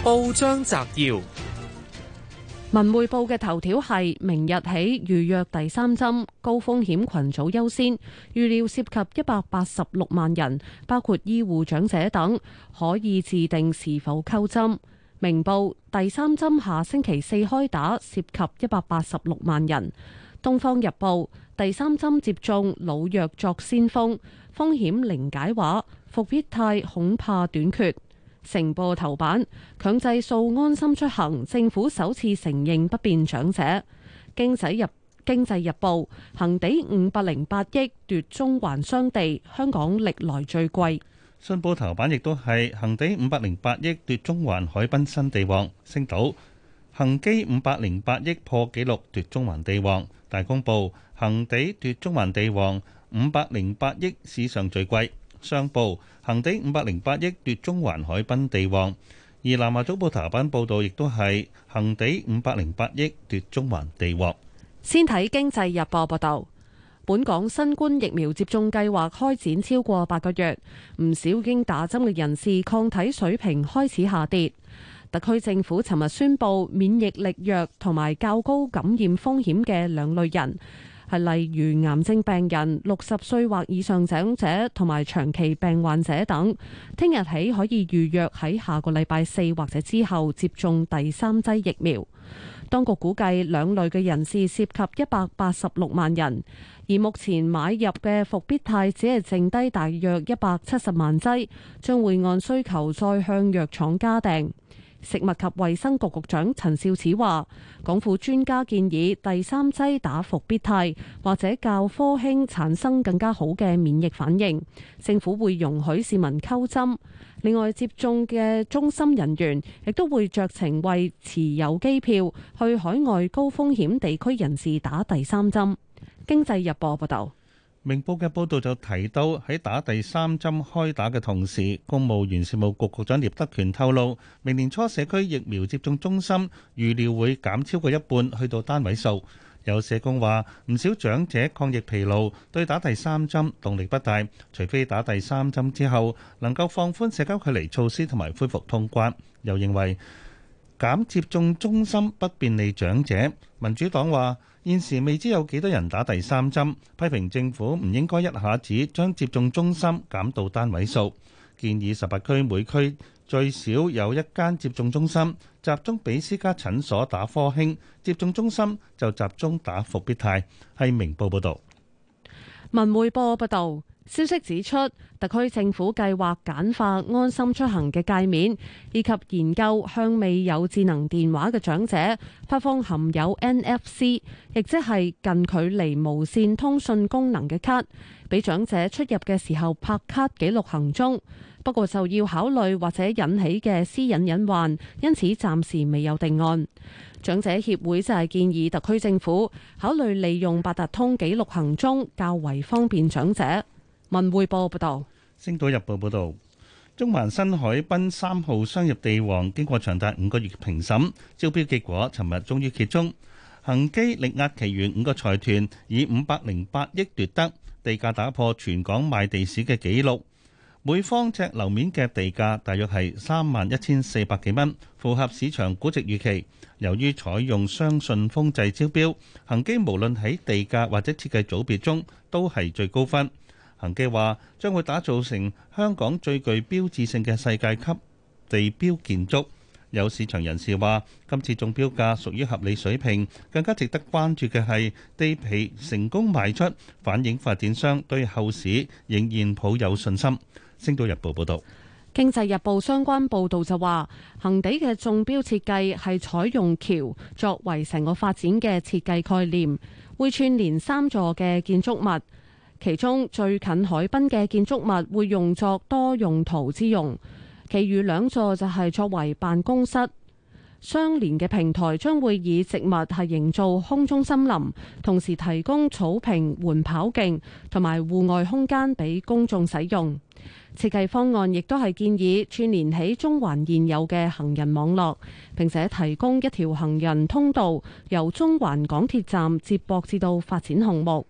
[SPEAKER 10] 報章摘要。.
[SPEAKER 3] 文匯報嘅頭條係：明日起預約第三針，高風險群組優先，預料涉及一百八十六萬人，包括醫護、長者等，可以自定是否溝針。明報第三針下星期四開打，涉及一百八十六萬人。東方日報第三針接種老弱作先鋒，風險零解話，復必泰恐怕短缺。成報頭版強制數安心出行，政府首次承認不便長者。經濟日經濟日報，恒地五百零八億奪中環商地，香港歷來最貴。
[SPEAKER 4] 信報頭版亦都係恒地五百零八億奪中環海濱新地王，星島恒基五百零八億破紀錄奪中環地王，大公報恒地奪中環地王五百零八億史上最貴。商報恒地五百零八億奪中環海濱地王，而南華早報頭版報道亦都係恒地五百零八億奪中環地王。
[SPEAKER 3] 先睇經濟日報報道，本港新冠疫苗接種計劃開展超過八個月，唔少經打針嘅人士抗體水平開始下跌。特區政府尋日宣布，免疫力弱同埋較高感染風險嘅兩類人。係例如癌症病人、六十歲或以上長者、者同埋長期病患者等，聽日起可以預約喺下個禮拜四或者之後接種第三劑疫苗。當局估計兩類嘅人士涉及一百八十六萬人，而目前買入嘅復必泰只係剩低大約一百七十萬劑，將會按需求再向藥廠加訂。食物及衛生局局長陳肇始話，港府專家建議第三劑打伏必泰，或者較科興產生更加好嘅免疫反應。政府會容許市民溝針。另外，接種嘅中心人員亦都會酌情為持有機票去海外高風險地區人士打第三針。經濟日報報道。
[SPEAKER 4] 明報嘅報道就提到，喺打第三針開打嘅同時，公務員事務局局長聶德權透露，明年初社區疫苗接種中心預料會減超過一半，去到單位數。有社工話，唔少長者抗疫疲勞，對打第三針動力不大，除非打第三針之後能夠放寬社交距離措施同埋恢復通關。又認為減接種中心不便利長者。民主黨話現時未知有幾多人打第三針，批評政府唔應該一下子將接種中心減到單位數，建議十八區每區最少有一間接種中心，集中俾私家診所打科興，接種中心就集中打復必泰。係明報報道，
[SPEAKER 3] 文匯報報道。消息指出，特區政府計劃簡化安心出行嘅界面，以及研究向未有智能電話嘅長者發放含有 NFC（ 亦即係近距離無線通訊功能）嘅卡，俾長者出入嘅時候拍卡記錄行蹤。不過就要考慮或者引起嘅私隱隱患，因此暫時未有定案。長者協會就係建議特區政府考慮利用八達通記錄行蹤，較為方便長者。文匯報，
[SPEAKER 4] 不到報報道，《星島日報》報道，中環新海濱三號商業地王經過長達五個月評審，招標結果尋日終於揭盅。恒基力壓其餘五個財團，以五百零八億奪得地價，打破全港賣地史嘅紀錄。每方尺樓面嘅地價大約係三萬一千四百幾蚊，符合市場估值預期。由於採用雙信封制招標，恒基無論喺地價或者設計組別中都係最高分。恒基話將會打造成香港最具標誌性嘅世界級地標建築。有市場人士話，今次中標價屬於合理水平。更加值得關注嘅係地皮成功賣出，反映發展商對後市仍然抱有信心。星島日報報道，
[SPEAKER 3] 《經濟日報》相關報導就話，恒地嘅中標設計係採用橋作為成個發展嘅設計概念，會串連三座嘅建築物。其中最近海濱嘅建築物會用作多用途之用，其餘兩座就係作為辦公室。相連嘅平台將會以植物係營造空中森林，同時提供草坪、緩跑徑同埋戶外空間俾公眾使用。設計方案亦都係建議串聯起中環現有嘅行人網絡，並且提供一條行人通道由中環港鐵站接駁至到發展項目。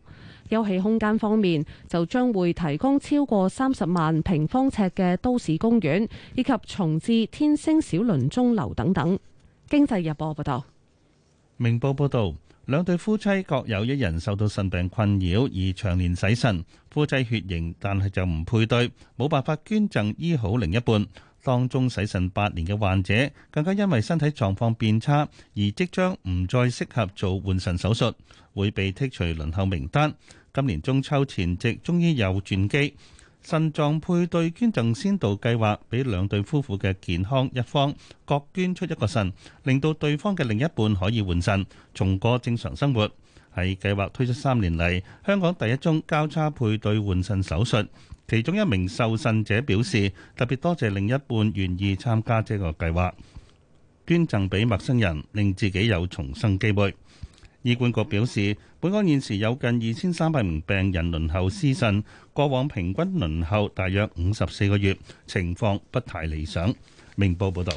[SPEAKER 3] 休憩空間方面，就將會提供超過三十萬平方尺嘅都市公園，以及重置天星小輪鐘樓等等。經濟日報報道，
[SPEAKER 4] 明報報道，兩對夫妻各有一人受到腎病困擾而長年洗腎，夫妻血型但係就唔配對，冇辦法捐贈醫好另一半。當中洗腎八年嘅患者，更加因為身體狀況變差而即將唔再適合做換腎手術。會被剔除輪候名單。今年中秋前夕，終於有轉機。腎臟配對捐贈先導計劃，俾兩對夫婦嘅健康，一方各捐出一個腎，令到對方嘅另一半可以換腎，重過正常生活。喺計劃推出三年嚟，香港第一宗交叉配對換腎手術，其中一名受腎者表示特別多謝另一半願意參加這個計劃，捐贈俾陌生人，令自己有重生機會。醫管局表示，本港現時有近二千三百名病人輪候私信。過往平均輪候大約五十四個月，情況不太理想。明報報導，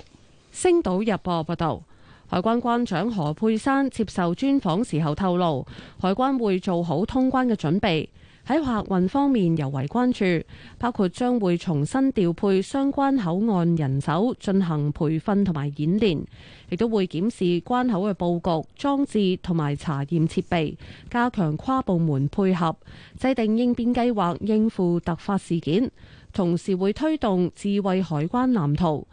[SPEAKER 3] 星島日報報道，海關關長何佩珊接受專訪時候透露，海關會做好通關嘅準備。喺客運方面尤為關注，包括將會重新調配相關口岸人手進行培訓同埋演練，亦都會檢視關口嘅佈局、裝置同埋查驗設備，加強跨部門配合，制定應變計劃應付突發事件，同時會推動智慧海關藍圖。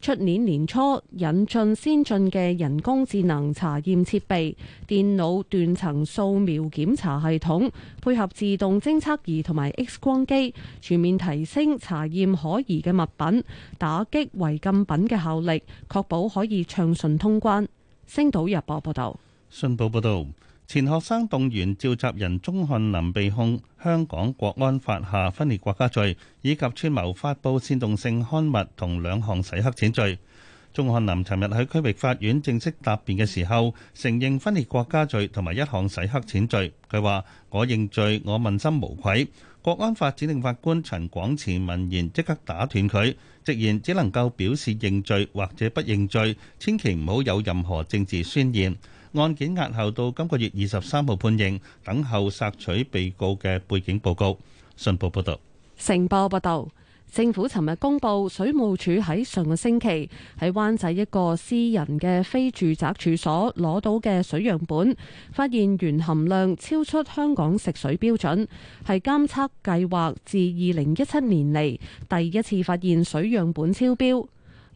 [SPEAKER 3] 出年年初引進先進嘅人工智能查驗設備、電腦斷層掃描檢查系統，配合自動偵測儀同埋 X 光機，全面提升查驗可疑嘅物品，打擊違禁品嘅效力，確保可以暢順通關。星島日報報道，
[SPEAKER 4] 信報報道。前學生動員召集人鍾翰林被控香港國安法下分裂國家罪，以及串謀發布煽動性刊物同兩項洗黑錢罪。鍾翰林尋日喺區域法院正式答辯嘅時候，承認分裂國家罪同埋一項洗黑錢罪。佢話：我認罪，我問心無愧。國安法指定法官陳廣慈聞言即刻打斷佢，直言只能夠表示認罪或者不認罪，千祈唔好有任何政治宣言。案件押後到今個月二十三號判刑，等候索取被告嘅背景報告。信報報道，
[SPEAKER 3] 成報報道。政府尋日公布，水務署喺上個星期喺灣仔一個私人嘅非住宅處所攞到嘅水樣本，發現鉛含量超出香港食水標準，係監測計劃自二零一七年嚟第一次發現水樣本超標。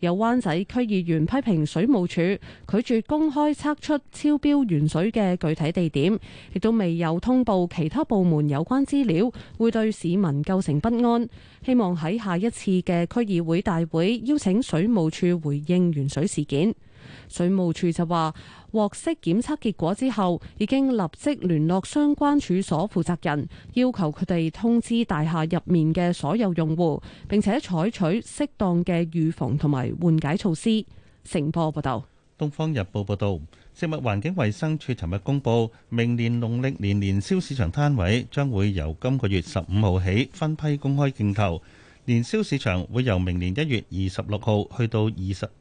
[SPEAKER 3] 有灣仔區議員批評水務署拒絕公開測出超標原水嘅具體地點，亦都未有通報其他部門有關資料，會對市民構成不安。希望喺下一次嘅區議會大會邀請水務署回應原水事件。水務署就話，獲悉檢測結果之後，已經立即聯絡相關處所負責人，要求佢哋通知大廈入面嘅所有用戶，並且採取適當嘅預防同埋緩解措施。《成報》報道：
[SPEAKER 4] 《東方日報》報道，食物環境衞生署尋日公布，明年農曆年年宵市場攤位將會由今個月十五號起分批公開競投。年宵市場會由明年一月二十六號去到二十二月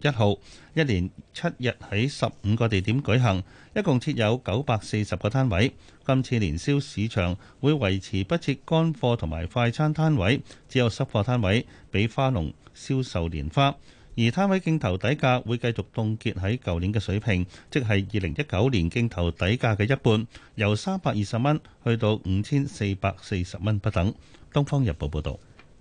[SPEAKER 4] 一號，一年七日喺十五個地點舉行，一共設有九百四十個攤位。今次年宵市場會維持不設乾貨同埋快餐攤位，只有濕貨攤位，俾花農銷售年花。而攤位競投底價會繼續凍結喺舊年嘅水平，即係二零一九年競投底價嘅一半，由三百二十蚊去到五千四百四十蚊不等。《東方日報》報導。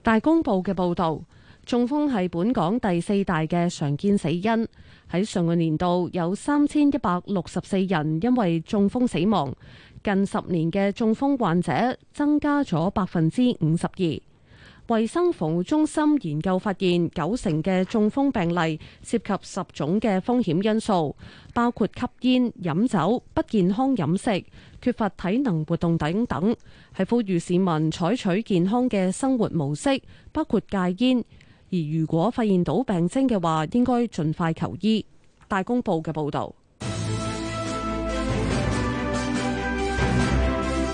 [SPEAKER 3] 大公報嘅報導，中風係本港第四大嘅常見死因。喺上個年度，有三千一百六十四人因為中風死亡，近十年嘅中風患者增加咗百分之五十二。衛生服務中心研究發現，九成嘅中風病例涉及十種嘅風險因素，包括吸煙、飲酒、不健康飲食、缺乏體能活動等等。係呼籲市民採取健康嘅生活模式，包括戒煙。而如果發現到病徵嘅話，應該盡快求醫。大公報嘅報道。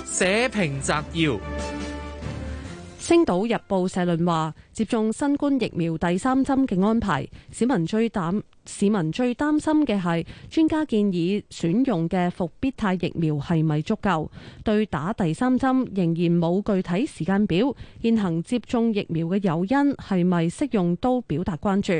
[SPEAKER 8] 社評摘要。
[SPEAKER 3] 星島日報社論話。接種新冠疫苗第三針嘅安排，市民最擔市民最擔心嘅係專家建議選用嘅復必泰疫苗係咪足夠？對打第三針仍然冇具體時間表，現行接種疫苗嘅誘因係咪適用都表達關注。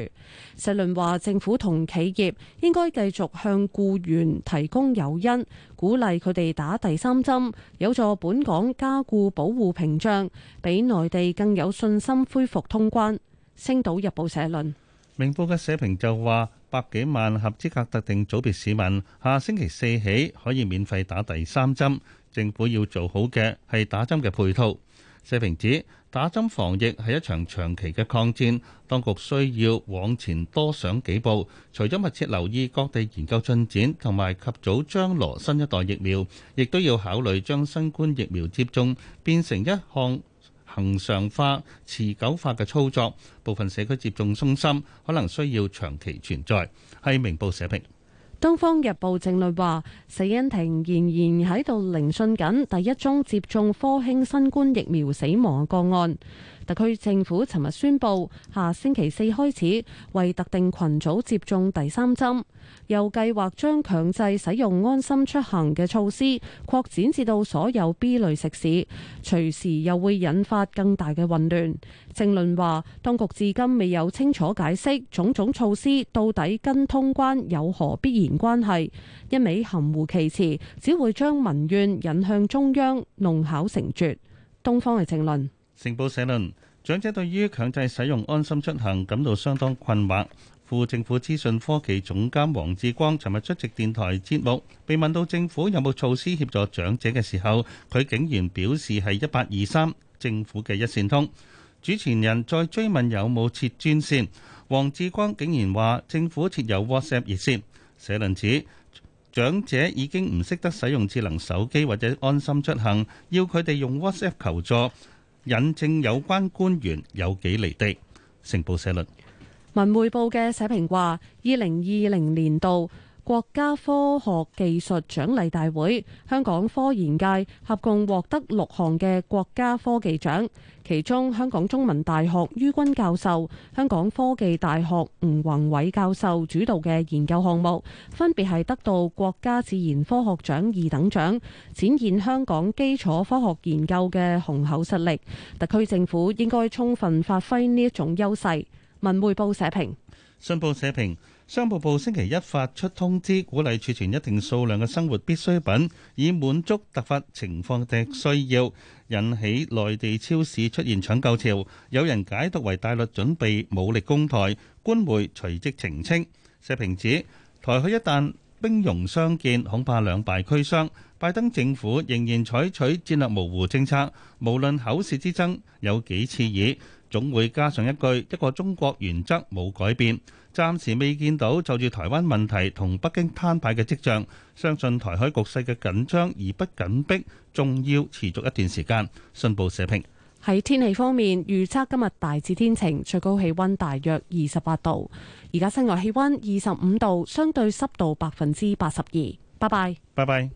[SPEAKER 3] 石倫話政府同企業應該繼續向僱員提供誘因，鼓勵佢哋打第三針，有助本港加固保護屏障，比內地更有信心恢復。通關，《星島日報》社論，
[SPEAKER 4] 《明報》嘅社評就話，百幾萬合資格特定組別市民下星期四起可以免費打第三針，政府要做好嘅係打針嘅配套。社評指，打針防疫係一場長期嘅抗戰，當局需要往前多上幾步，除咗密切留意各地研究進展，同埋及早張羅新一代疫苗，亦都要考慮將新冠疫苗接種變成一項，恒常化、持久化嘅操作，部分社區接種中心可能需要長期存在。係明報社評。
[SPEAKER 3] 《東方日報》政論話，死因庭仍然喺度聆訊緊第一宗接種科興新冠疫苗死亡個案。特區政府尋日宣布，下星期四開始為特定群組接種第三針，又計劃將強制使用安心出行嘅措施擴展至到所有 B 類食肆，隨時又會引發更大嘅混亂。政論話，當局至今未有清楚解釋種種措施到底跟通關有何必然關係，一味含糊其辭，只會將民怨引向中央，弄巧成拙。東方嘅政論。
[SPEAKER 4] 成報社論：長者對於強制使用安心出行感到相當困惑。副政府資訊科技總監黃志光尋日出席電台節目，被問到政府有冇措施協助長者嘅時候，佢竟然表示係一八二三政府嘅一線通。主持人再追問有冇設專線，黃志光竟然話政府設有 WhatsApp 熱線。社論指長者已經唔識得使用智能手機或者安心出行，要佢哋用 WhatsApp 求助。引證有關官員有幾離地，成報社論。
[SPEAKER 3] 文匯報嘅社評話：二零二零年度。國家科學技術獎勵大會，香港科研界合共獲得六項嘅國家科技獎，其中香港中文大學于君教授、香港科技大學吳宏偉教授主導嘅研究項目，分別係得到國家自然科學獎二等獎，展現香港基礎科學研究嘅雄厚實力。特區政府應該充分發揮呢一種優勢。文匯報社評，
[SPEAKER 4] 信報社評。商務部星期一發出通知，鼓勵儲存一定數量嘅生活必需品，以滿足突發情況嘅需要，引起內地超市出現搶購潮。有人解讀為大陸準備武力攻台，官媒隨即澄清。社評指台海一旦兵戎相見，恐怕兩敗俱傷。拜登政府仍然採取戰略模糊政策，無論口舌之爭有幾刺耳，總會加上一句一個中國原則冇改變。暫時未見到就住台灣問題同北京攤牌嘅跡象，相信台海局勢嘅緊張而不緊迫，仲要持續一段時間。信報社評。
[SPEAKER 3] 喺天氣方面預測今日大致天晴，最高氣温大約二十八度，而家室外氣温二十五度，相對濕度百分之八十二。拜拜，
[SPEAKER 4] 拜拜。